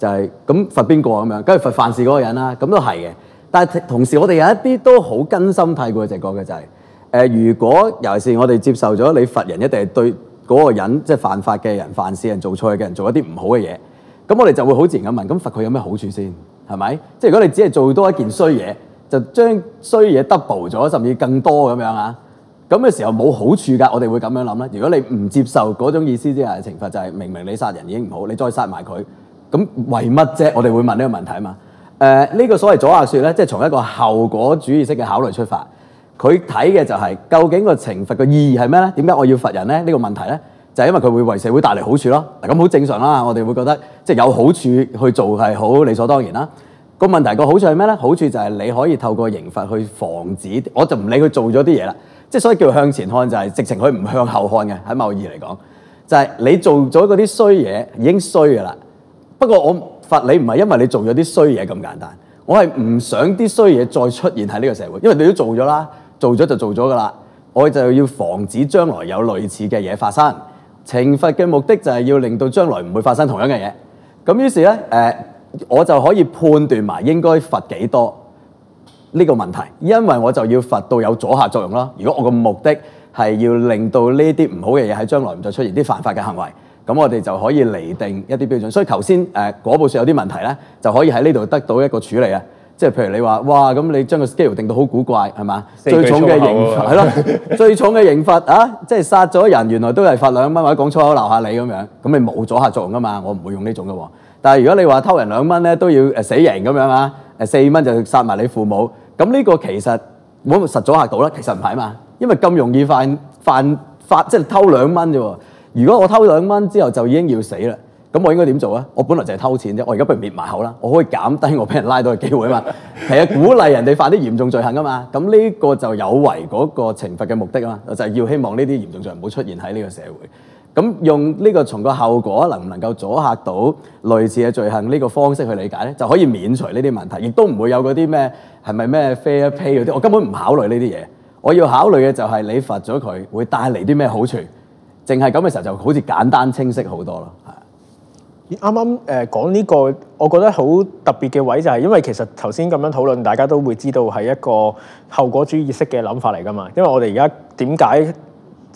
就係、是、咁罰邊個咁樣，梗係罰犯事嗰個人啦。咁都係嘅，但係同時我哋有一啲都好根深蒂固嘅直覺嘅就係、是呃、如果尤其是我哋接受咗你罰人，一定係對嗰個人即係、就是、犯法嘅人、犯事人、做錯嘅人做一啲唔好嘅嘢，咁我哋就會好自然咁問：「咁罰佢有咩好處先？係咪？即係如果你只係做多一件衰嘢，就將衰嘢 double 咗，甚至更多咁樣啊？咁嘅時候冇好處㗎，我哋會咁樣諗啦：如果你唔接受嗰種意思之下嘅懲罰，就係、是、明明你殺人已經唔好，你再殺埋佢。咁為乜啫？我哋會問呢個問題啊嘛。呢、呃這個所謂阻嚇說咧，即係從一個後果主義式嘅考慮出發，佢睇嘅就係、是、究竟個懲罰嘅意義係咩咧？點解我要罰人咧？呢、這個問題咧，就係、是、因為佢會為社會帶嚟好處咯。咁好正常啦。我哋會覺得即係有好處去做係好理所當然啦。個問題，個好處係咩咧？好處就係你可以透過刑罰去防止，我就唔理佢做咗啲嘢啦。即係所以叫向前看就係、是、直情佢唔向後看嘅，喺某義嚟講，就係、是、你做咗嗰啲衰嘢已經衰噶啦。不過我罰你唔係因為你做咗啲衰嘢咁簡單，我係唔想啲衰嘢再出現喺呢個社會，因為你都做咗啦，做咗就做咗噶啦，我就要防止將來有類似嘅嘢發生。懲罰嘅目的就係要令到將來唔會發生同樣嘅嘢。咁於是呢，誒、呃、我就可以判斷埋應該罰幾多呢個問題，因為我就要罰到有阻嚇作用啦。如果我個目的係要令到呢啲唔好嘅嘢喺將來唔再出現啲犯法嘅行為。咁我哋就可以釐定一啲標準，所以頭先誒嗰部書有啲問題咧，就可以喺呢度得到一個處理是個是 是啊！即係譬如你話哇，咁你將個 scale 定到好古怪係嘛？最重嘅刑罰，係咯，最重嘅刑罰啊！即係殺咗人，原來都係罰兩蚊或者講粗口鬧下你咁樣，咁你冇阻嚇作用噶嘛？我唔會用呢種噶喎。但係如果你話偷人兩蚊咧都要誒、呃、死刑咁樣啊，誒、呃、四蚊就殺埋你父母，咁呢個其實我實阻嚇到啦，其實唔係嘛？因為咁容易犯犯法，即係偷兩蚊啫喎。如果我偷兩蚊之後就已經要死啦，咁我應該點做啊？我本來就係偷錢啫，我而家不如滅埋口啦，我可以減低我俾人拉到嘅機會啊嘛。係啊，鼓勵人哋犯啲嚴重罪行啊嘛。咁呢個就有違嗰個懲罰嘅目的啊嘛，就係要希望呢啲嚴重罪行唔好出現喺呢個社會。咁用呢個從個後果能唔能夠阻嚇到類似嘅罪行呢個方式去理解咧，就可以免除呢啲問題，亦都唔會有嗰啲咩係咪咩 fair pay 嗰啲，我根本唔考慮呢啲嘢。我要考慮嘅就係你罰咗佢會帶嚟啲咩好處。淨係咁嘅時候，就好似簡單清晰好多啦，係、呃。啱啱誒講呢、這個，我覺得好特別嘅位就係，因為其實頭先咁樣討論，大家都會知道係一個後果主義式嘅諗法嚟㗎嘛。因為我哋而家點解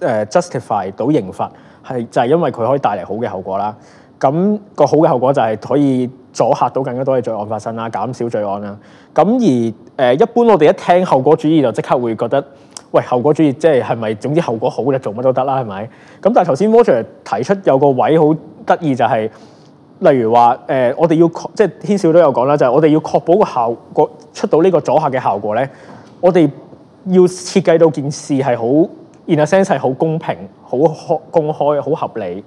誒 justify 到刑罰，係就係因為佢可以帶嚟好嘅後果啦。咁、那個好嘅後果就係可以阻嚇到更加多嘅罪案發生啦，減少罪案啦。咁而誒、呃、一般我哋一聽後果主義，就即刻會覺得。喂，效果主義即係，係咪總之效果好就做乜都得啦，係咪？咁但係頭先 Walter 提出有個位好得意就係、是，例如話誒、呃，我哋要即係軒少都有講啦，就係、是、我哋要確保個效果出到呢個阻嚇嘅效果咧，我哋要設計到件事係好，in a sense 係好公平、好公開、好合理，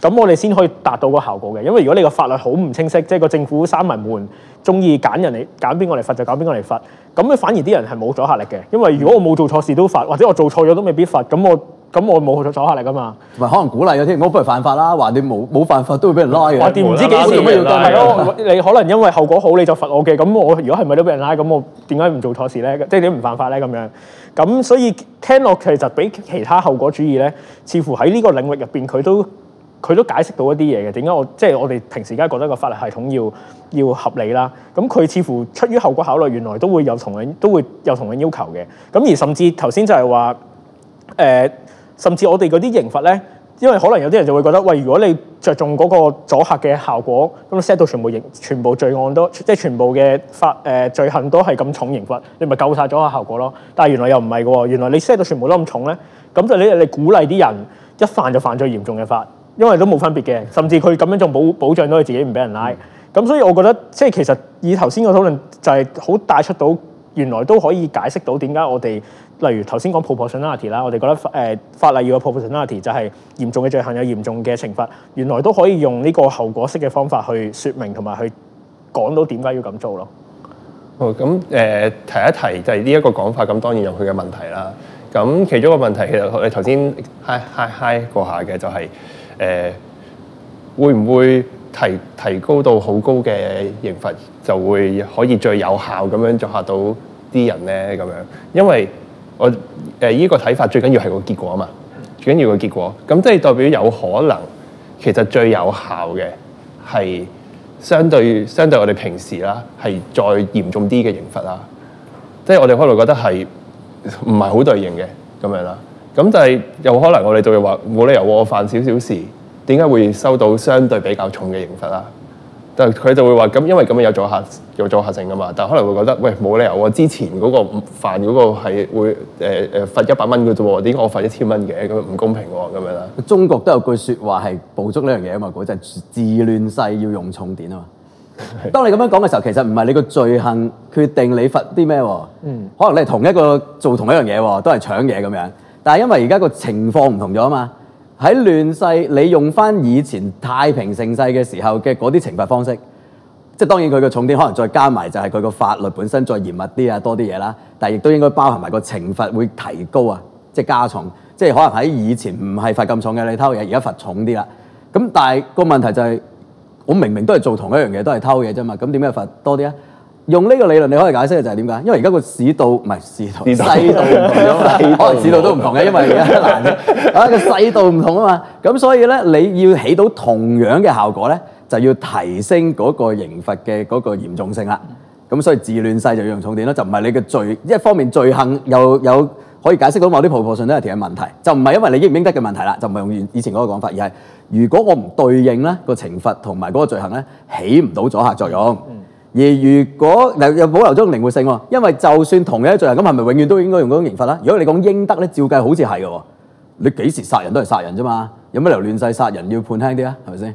咁我哋先可以達到個效果嘅，因為如果你個法律好唔清晰，即係個政府閂埋門鍾意揀人嚟揀邊個嚟罰就揀邊個嚟罰，咁咧反而啲人係冇阻嚇力嘅。因為如果我冇做錯事都罰，或者我做錯咗都未必罰，咁我咁我冇阻阻嚇力噶嘛。可能鼓勵啊添，我不如犯法啦，話你冇冇犯法都會俾人拉㗎。話你唔知幾時做咩要你可能因為後果好你就罰我嘅，咁我如果係咪都俾人拉咁我點解唔做錯事咧？即係你唔犯法咧咁樣咁？所以聽落其實比其他後果主義咧，似乎喺呢個領域入邊佢都。佢都解釋到一啲嘢嘅，點解我即係、就是、我哋平時而家覺得個法律系統要要合理啦？咁佢似乎出於後果考慮，原來都會有同樣都會有同樣要求嘅。咁而甚至頭先就係話，誒、呃、甚至我哋嗰啲刑罰咧，因為可能有啲人就會覺得喂，如果你着重嗰個阻嚇嘅效果，咁 set 到全部刑全部罪案都即係全部嘅法誒罪行都係咁重刑罰，你咪救晒咗個效果咯。但係原來又唔係嘅喎，原來你 set 到全部都咁重咧，咁就你你鼓勵啲人一犯就犯最嚴重嘅法。因為都冇分別嘅，甚至佢咁樣仲保保障到佢自己唔俾人拉咁，嗯、所以我覺得即係其實以頭先個討論就係好帶出到原來都可以解釋到點解我哋例如頭先講 proportionality 啦，我哋覺得誒法、呃、法例要有 proportionality 就係嚴重嘅罪行有嚴重嘅懲罰，原來都可以用呢個後果式嘅方法去説明同埋去講到點解要咁做咯，好。哦，咁、呃、誒提一提就係呢一個講法，咁當然有佢嘅問題啦。咁其中一個問題其實我哋頭先嗨嗨嗨 h 過下嘅就係、是。誒、呃、會唔會提提高到好高嘅刑罰，就會可以最有效咁樣阻嚇到啲人咧？咁樣，因為我誒依、呃呢個睇法最緊要係個結果啊嘛，最緊要個結果。咁即係代表有可能其實最有效嘅係相對相對我哋平時啦，係再嚴重啲嘅刑罰啦。即、就、係、是、我哋可能覺得係唔係好對應嘅咁樣啦。咁就係有可能，我哋就會話冇理由，我犯少少事，點解會收到相對比較重嘅刑罰啊？但係佢就會話咁，因為咁樣有阻嚇有阻嚇性噶嘛。但係可能會覺得，喂，冇理由我之前嗰、那個犯嗰個係會誒誒、呃、罰一百蚊嘅啫，點解我罰一千蚊嘅咁唔公平喎、啊？咁樣啦。中國都有句説話係捕捉呢樣嘢啊嘛，嗰就係、是、亂世要用重典啊嘛。當你咁樣講嘅時候，其實唔係你個罪行決定你罰啲咩，嗯，可能你係同一個做同一樣嘢，都係搶嘢咁樣。但係因為而家個情況唔同咗啊嘛，喺亂世你用翻以前太平盛世嘅時候嘅嗰啲懲罰方式，即係當然佢個重點可能再加埋就係佢個法律本身再嚴密啲啊，多啲嘢啦，但係亦都應該包含埋個懲罰會提高啊，即係加重，即係可能喺以前唔係罰咁重嘅你偷嘢，而家罰重啲啦。咁但係個問題就係，我明明都係做同一樣嘢，都係偷嘢啫嘛，咁點解罰多啲啊？用呢個理論你可以解釋嘅就係點解？因為而家個市道唔係市道，年代唔同啊嘛。可能市道都唔同嘅，因為而家嗱啊個世道唔同啊嘛。咁所以咧，你要起到同樣嘅效果咧，就要提升嗰個刑罰嘅嗰個嚴重性啦。咁所以治亂世就要用重典咯，就唔係你嘅罪一方面罪行又有可以解釋到某啲婆婆性都有啲問題，就唔係因為你應唔應得嘅問題啦，就唔係用以前嗰個講法，而係如果我唔對應咧，個懲罰同埋嗰個罪行咧，起唔到阻嚇作用。而如果嗱又保留咗個靈活性喎，因為就算同樣嘅罪行，咁係咪永遠都應該用嗰種刑罰咧？如果你講應得咧，照計好似係嘅喎。你幾時殺人都係殺人啫嘛，有乜理由亂世殺人要判輕啲啊？係咪先？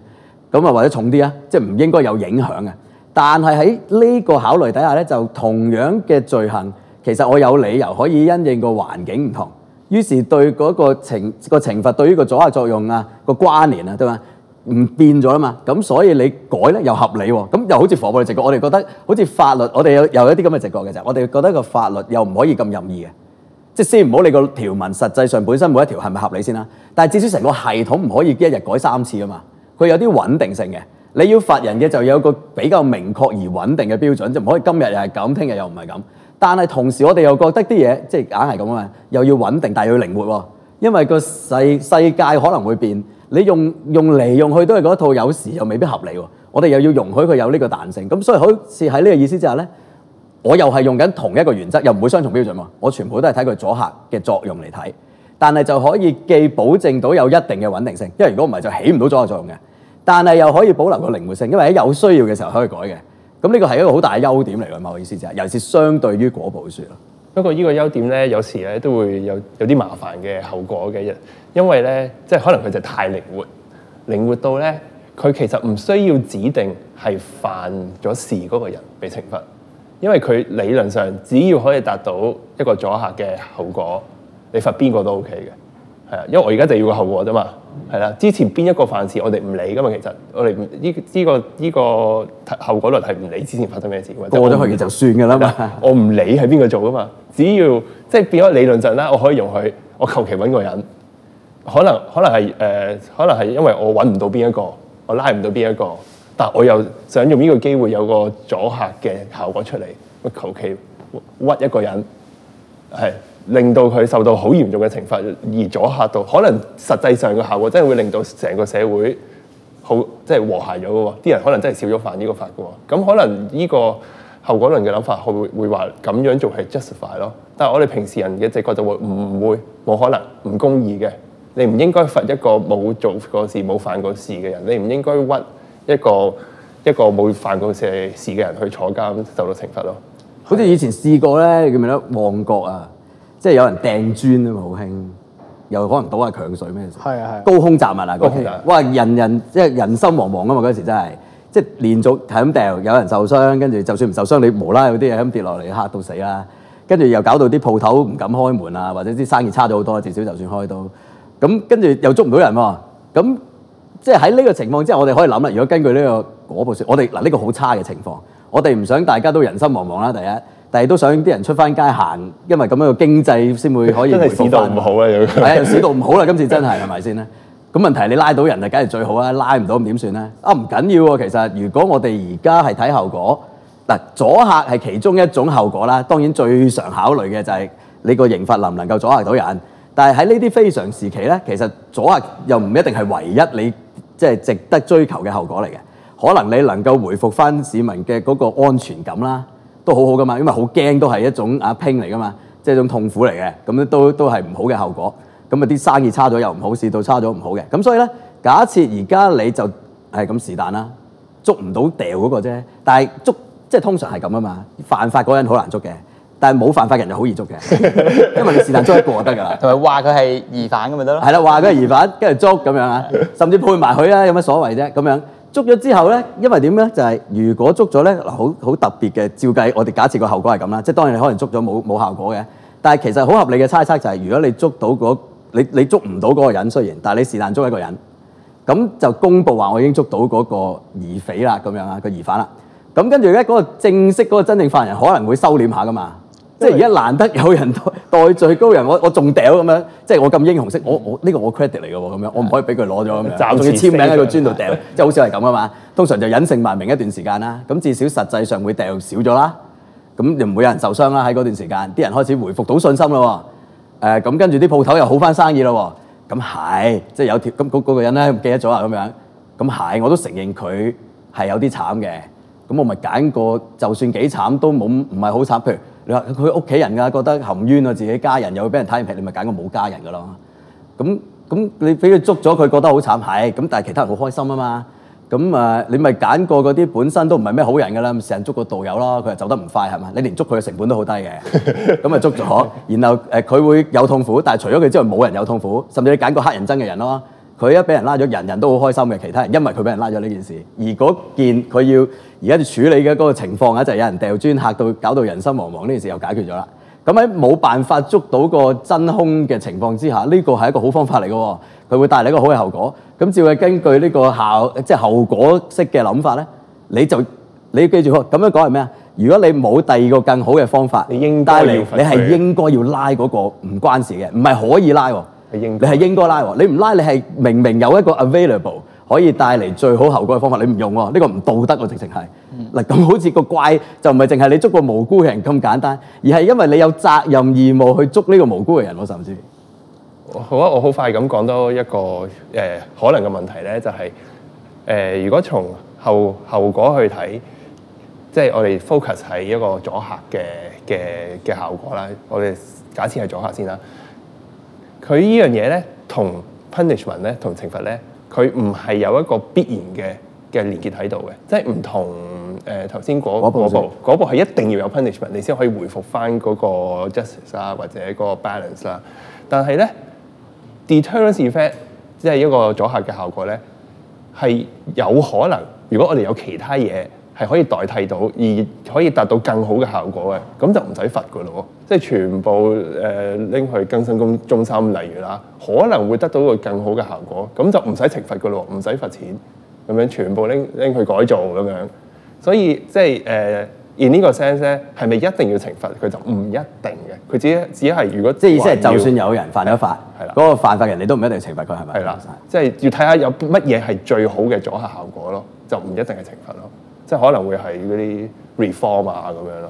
咁啊或者重啲啊？即係唔應該有影響嘅。但係喺呢個考慮底下咧，就同樣嘅罪行，其實我有理由可以因應個環境唔同，於是對嗰個懲、個懲罰對於個阻嚇作用啊、個關聯啊，對嘛？唔變咗啦嘛，咁所以你改咧又合理喎、哦，咁又好似我哋直覺，我哋覺得好似法律，我哋有有一啲咁嘅直覺嘅就，我哋覺得個法律又唔可以咁任意嘅，即係先唔好你個條文實際上本身每一條係咪合理先啦。但係至少成個系統唔可以一日改三次啊嘛，佢有啲穩定性嘅。你要罰人嘅就有個比較明確而穩定嘅標準，就唔可以今日又係咁，聽日又唔係咁。但係同時我哋又覺得啲嘢即係硬係咁啊嘛，又要穩定，但係要靈活喎、哦，因為個世世界可能會變。你用用嚟用去都係嗰一套，有時又未必合理喎。我哋又要容許佢有呢個彈性，咁所以好似喺呢個意思之下呢，我又係用緊同一個原則，又唔會雙重標準。我全部都係睇佢阻嚇嘅作用嚟睇，但係就可以既保證到有一定嘅穩定性，因為如果唔係就起唔到阻嚇作用嘅。但係又可以保留個靈活性，因為喺有需要嘅時候可以改嘅。咁呢個係一個好大嘅優點嚟嘅嘛。我意思就係，尤其是相對於果報說。不過呢個優點呢，有時咧都會有有啲麻煩嘅後果嘅。因為咧，即係可能佢就太靈活，靈活到咧，佢其實唔需要指定係犯咗事嗰個人被懲罰，因為佢理論上只要可以達到一個阻嚇嘅後果，你罰邊個都 OK 嘅。係啊，因為我而家就要個後果啫嘛。係啦，之前邊一個犯事我哋唔理噶嘛。其實我哋呢依個依、呢個後果論係唔理之前發生咩事嘅，過咗去嘅就算嘅啦嘛。是我唔理係邊個做噶嘛，只要即係變咗理論上啦，我可以容許我求其揾個人。可能可能係，誒，可能係，呃，可能係因為我揾唔到邊一個，我拉唔到邊一個，但我又想用呢個機會有個阻嚇嘅效果出嚟。我求其屈一個人係令到佢受到好嚴重嘅懲罰，而阻嚇到可能實際上嘅效果真係會令到成個社會好即係和諧咗嘅喎。啲人可能真係少咗犯呢個法嘅喎。咁可能呢個後果論嘅諗法會，會會話，話咁樣做係 justify 咯。但係我哋平時人嘅直覺就會唔會冇可能唔公義嘅。你唔應該罰一個冇做過事冇犯過事嘅人，你唔應該屈一個一個冇犯過事嘅人去坐監受到懲罰咯。好似以前試過咧，叫咩咧旺角啊，即係有人掟磚啊嘛，好興又可能倒下強水咩事、啊啊，高空雜物啊高空啊哇，人人即係人心惶惶啊嘛，嗰時真係即係連續係咁掉，有人受傷，跟住就算唔受傷，你無啦有啲嘢咁跌落嚟嚇到死啦。跟住又搞到啲鋪頭唔敢開門啊，或者啲生意差咗好多，至少就算開到。咁跟住又捉唔到人喎、啊，咁、嗯、即係喺呢個情況之下，我哋可以諗啦。如果根據呢、這個嗰部書，我哋嗱呢個好差嘅情況，我哋唔想大家都人心惶惶啦。第一，但係都想啲人出翻街行，因為咁樣嘅經濟先會可以回復翻。市道唔好啦、啊，又市道唔好啦，今次真係係咪先咧？咁、 啊、 問題，你拉到人就梗係最好啦，拉唔到點算咧？啊唔緊要喎，其實如果我哋而家係睇後果，嗱、啊、阻嚇係其中一種後果啦。當然最常考慮嘅就係你個刑罰能唔能夠阻嚇到人。但係喺呢啲非常時期咧，其實阻嚇又唔一定係唯一你即係值得追求嘅後果嚟嘅。可能你能夠回復翻市民嘅嗰個安全感啦，都好好噶嘛。因為好驚都係一種啊拼嚟噶嘛，即係一種痛苦嚟嘅。咁都都係唔好嘅後果。咁啊啲生意差咗又唔好，市道差咗唔好嘅。咁所以咧，假設而家你就係咁是但啦，捉唔到掉嗰個啫。但係捉即係通常係咁啊嘛，犯法嗰人好難捉嘅。但係冇犯法嘅人就好易捉嘅 ，因為你是但捉一個就得㗎啦。同埋話佢係疑犯咁咪得咯？係啦，話佢係疑犯，跟住捉咁樣啊，甚至判埋佢啦，有乜所謂啫？咁樣捉咗之後咧，因為點咧？就係、是、如果捉咗咧，嗱，好好特別嘅，照計我哋假設個後果係咁啦，即係當然你可能捉咗冇冇效果嘅，但係其實好合理嘅猜測就係、是，如果你捉到嗰、那個、你你捉唔到嗰個人，雖然，但係你是但捉一個人，咁就公佈話我已經捉到嗰個疑匪啦，咁樣啊，個疑犯啦，咁跟住咧嗰個正式嗰個真正犯人可能會收斂下㗎嘛。即係而家難得有人代罪高人，我我仲掉咁樣，即係我咁英雄式，我我呢、呢個我 credit 嚟㗎喎，咁樣我唔可以俾佢攞咗，咁仲要簽名喺個磚度掉， 即係好少係咁啊嘛。通常就隱姓埋名一段時間啦。咁至少實際上會掉少咗啦。咁亦唔會有人受傷啦。喺嗰段時間，啲人開始回復到信心啦。誒咁跟住啲鋪頭又好翻生意啦。咁係即係有條咁嗰、嗰個人咧，記得咗啊咁樣。咁係我都承認佢係有啲慘嘅。咁我咪揀個就算幾慘都冇唔係好慘，譬如。你話佢屋企人啊，覺得含冤啊，自己家人又俾人睇唔起，你咪揀個冇家人噶咯。咁咁你俾佢捉咗，佢覺得好慘係。咁但係其他人好開心啊嘛。咁啊，你咪揀個嗰啲本身都唔係咩好人㗎啦，成日捉個道友咯。佢又走得唔快係嘛？你連捉佢嘅成本都好低嘅，咁咪捉咗。然後誒，佢會有痛苦，但係除咗佢之外冇人有痛苦，甚至你揀個乞人憎嘅人咯。佢一俾人拉咗，人人都好開心嘅。其他人因為佢俾人拉咗呢件事，而嗰件佢要而家要處理嘅嗰個情況，就係有人掉磚嚇到，搞到人心惶惶。呢件事又解決咗啦。咁喺冇辦法捉到個真兇嘅情況之下，呢個係一個好方法嚟嘅。佢會帶嚟一個好嘅後果。咁只會根據呢個效，即係後果式嘅諗法咧，你就你要記住咁樣講係咩啊？如果你冇第二個更好嘅方法，你應帶你係應該要拉嗰個唔關事嘅，唔係可以拉喎。你應你係應該拉喎，你唔拉你係明明有一個 available 可以帶嚟最好後果嘅方法，你唔用喎，呢、這個唔道德我直情係。嗱、嗯、咁好似個怪就唔係淨係你捉個無辜人咁簡單，而係因為你有責任義務去捉呢個無辜嘅人我甚至。好啊，我好快咁講多一個誒、呃、可能嘅問題咧，就係、是、誒、呃、如果從後後果去睇，即、就、係、是、我哋 focus 喺一個阻嚇嘅嘅嘅效果啦。我哋假設係阻嚇先啦。佢呢樣嘢咧，同 punishment 咧，同懲罰咧，佢唔係有一個必然嘅嘅連結喺度嘅，即係唔同誒頭先嗰部嗰部係一定要有 punishment 你先可以回復翻嗰個 justice 啦或者嗰個 balance 啦，但係咧 deterrence effect 即係一個阻嚇嘅效果咧，係有可能如果我哋有其他嘢。係可以代替到，而可以達到更好嘅效果嘅，咁就唔使罰噶咯，即係全部誒拎、呃、去更新工中心，例如啦，可能會得到個更好嘅效果，咁就唔使懲罰噶咯，唔使罰錢，咁樣全部拎拎去改造咁樣。所以即係誒，喺呢個 sense 咧，係咪一定要懲罰佢？他就唔一定嘅，佢只只係如果即係意思係，就算有人犯咗法，係啦，嗰、那個犯法人你都唔一定懲罰佢係咪？係啦，即係、就是、要睇下有乜嘢係最好嘅阻嚇效果咯，就唔一定係懲罰咯。即係可能會係嗰啲 reform 啊咁樣咯，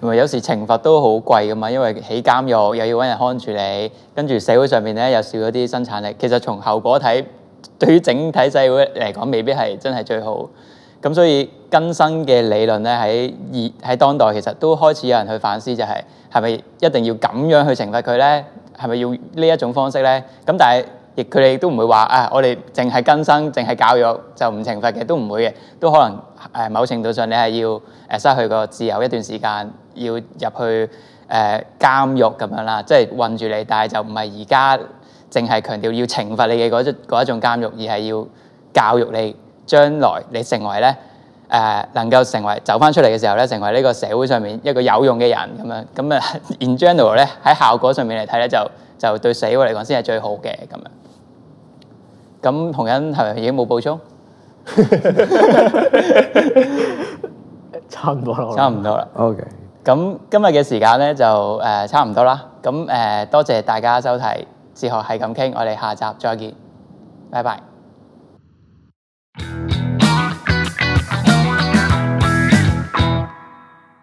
同埋有時懲罰都好貴㗎嘛，因為起監獄又要搵人看住你，跟住社會上面咧又少咗啲生產力。其實從後果睇，對於整體社會嚟講，未必係真係最好。咁所以更新嘅理論咧，喺二喺當代其實都開始有人去反思、就係，就係係咪一定要咁樣去懲罰佢咧？係咪要呢一種方式咧？咁但係。亦佢哋都唔會話啊，我哋淨係更生，淨係教育就唔懲罰嘅？都唔會嘅，都可能、呃、某程度上你係要失去個自由一段時間，要入去誒、呃、監獄咁樣啦，即係困住你。但係就唔係而家淨係強調要懲罰你嘅嗰一一種監獄，而係要教育你將來你成為咧、呃、能夠成為走翻出嚟嘅時候咧，成為呢個社會上面一個有用嘅人咁樣。咁啊，in general 咧，喺效果上面嚟睇咧，就就對社會嚟講先係最好嘅咁樣。咁洪恩係咪已經冇補充？差唔多啦，差唔多啦。OK，咁今日嘅時間咧就誒差唔多啦。咁誒多謝大家收睇《哲學係咁傾》，我哋下集再見，拜拜。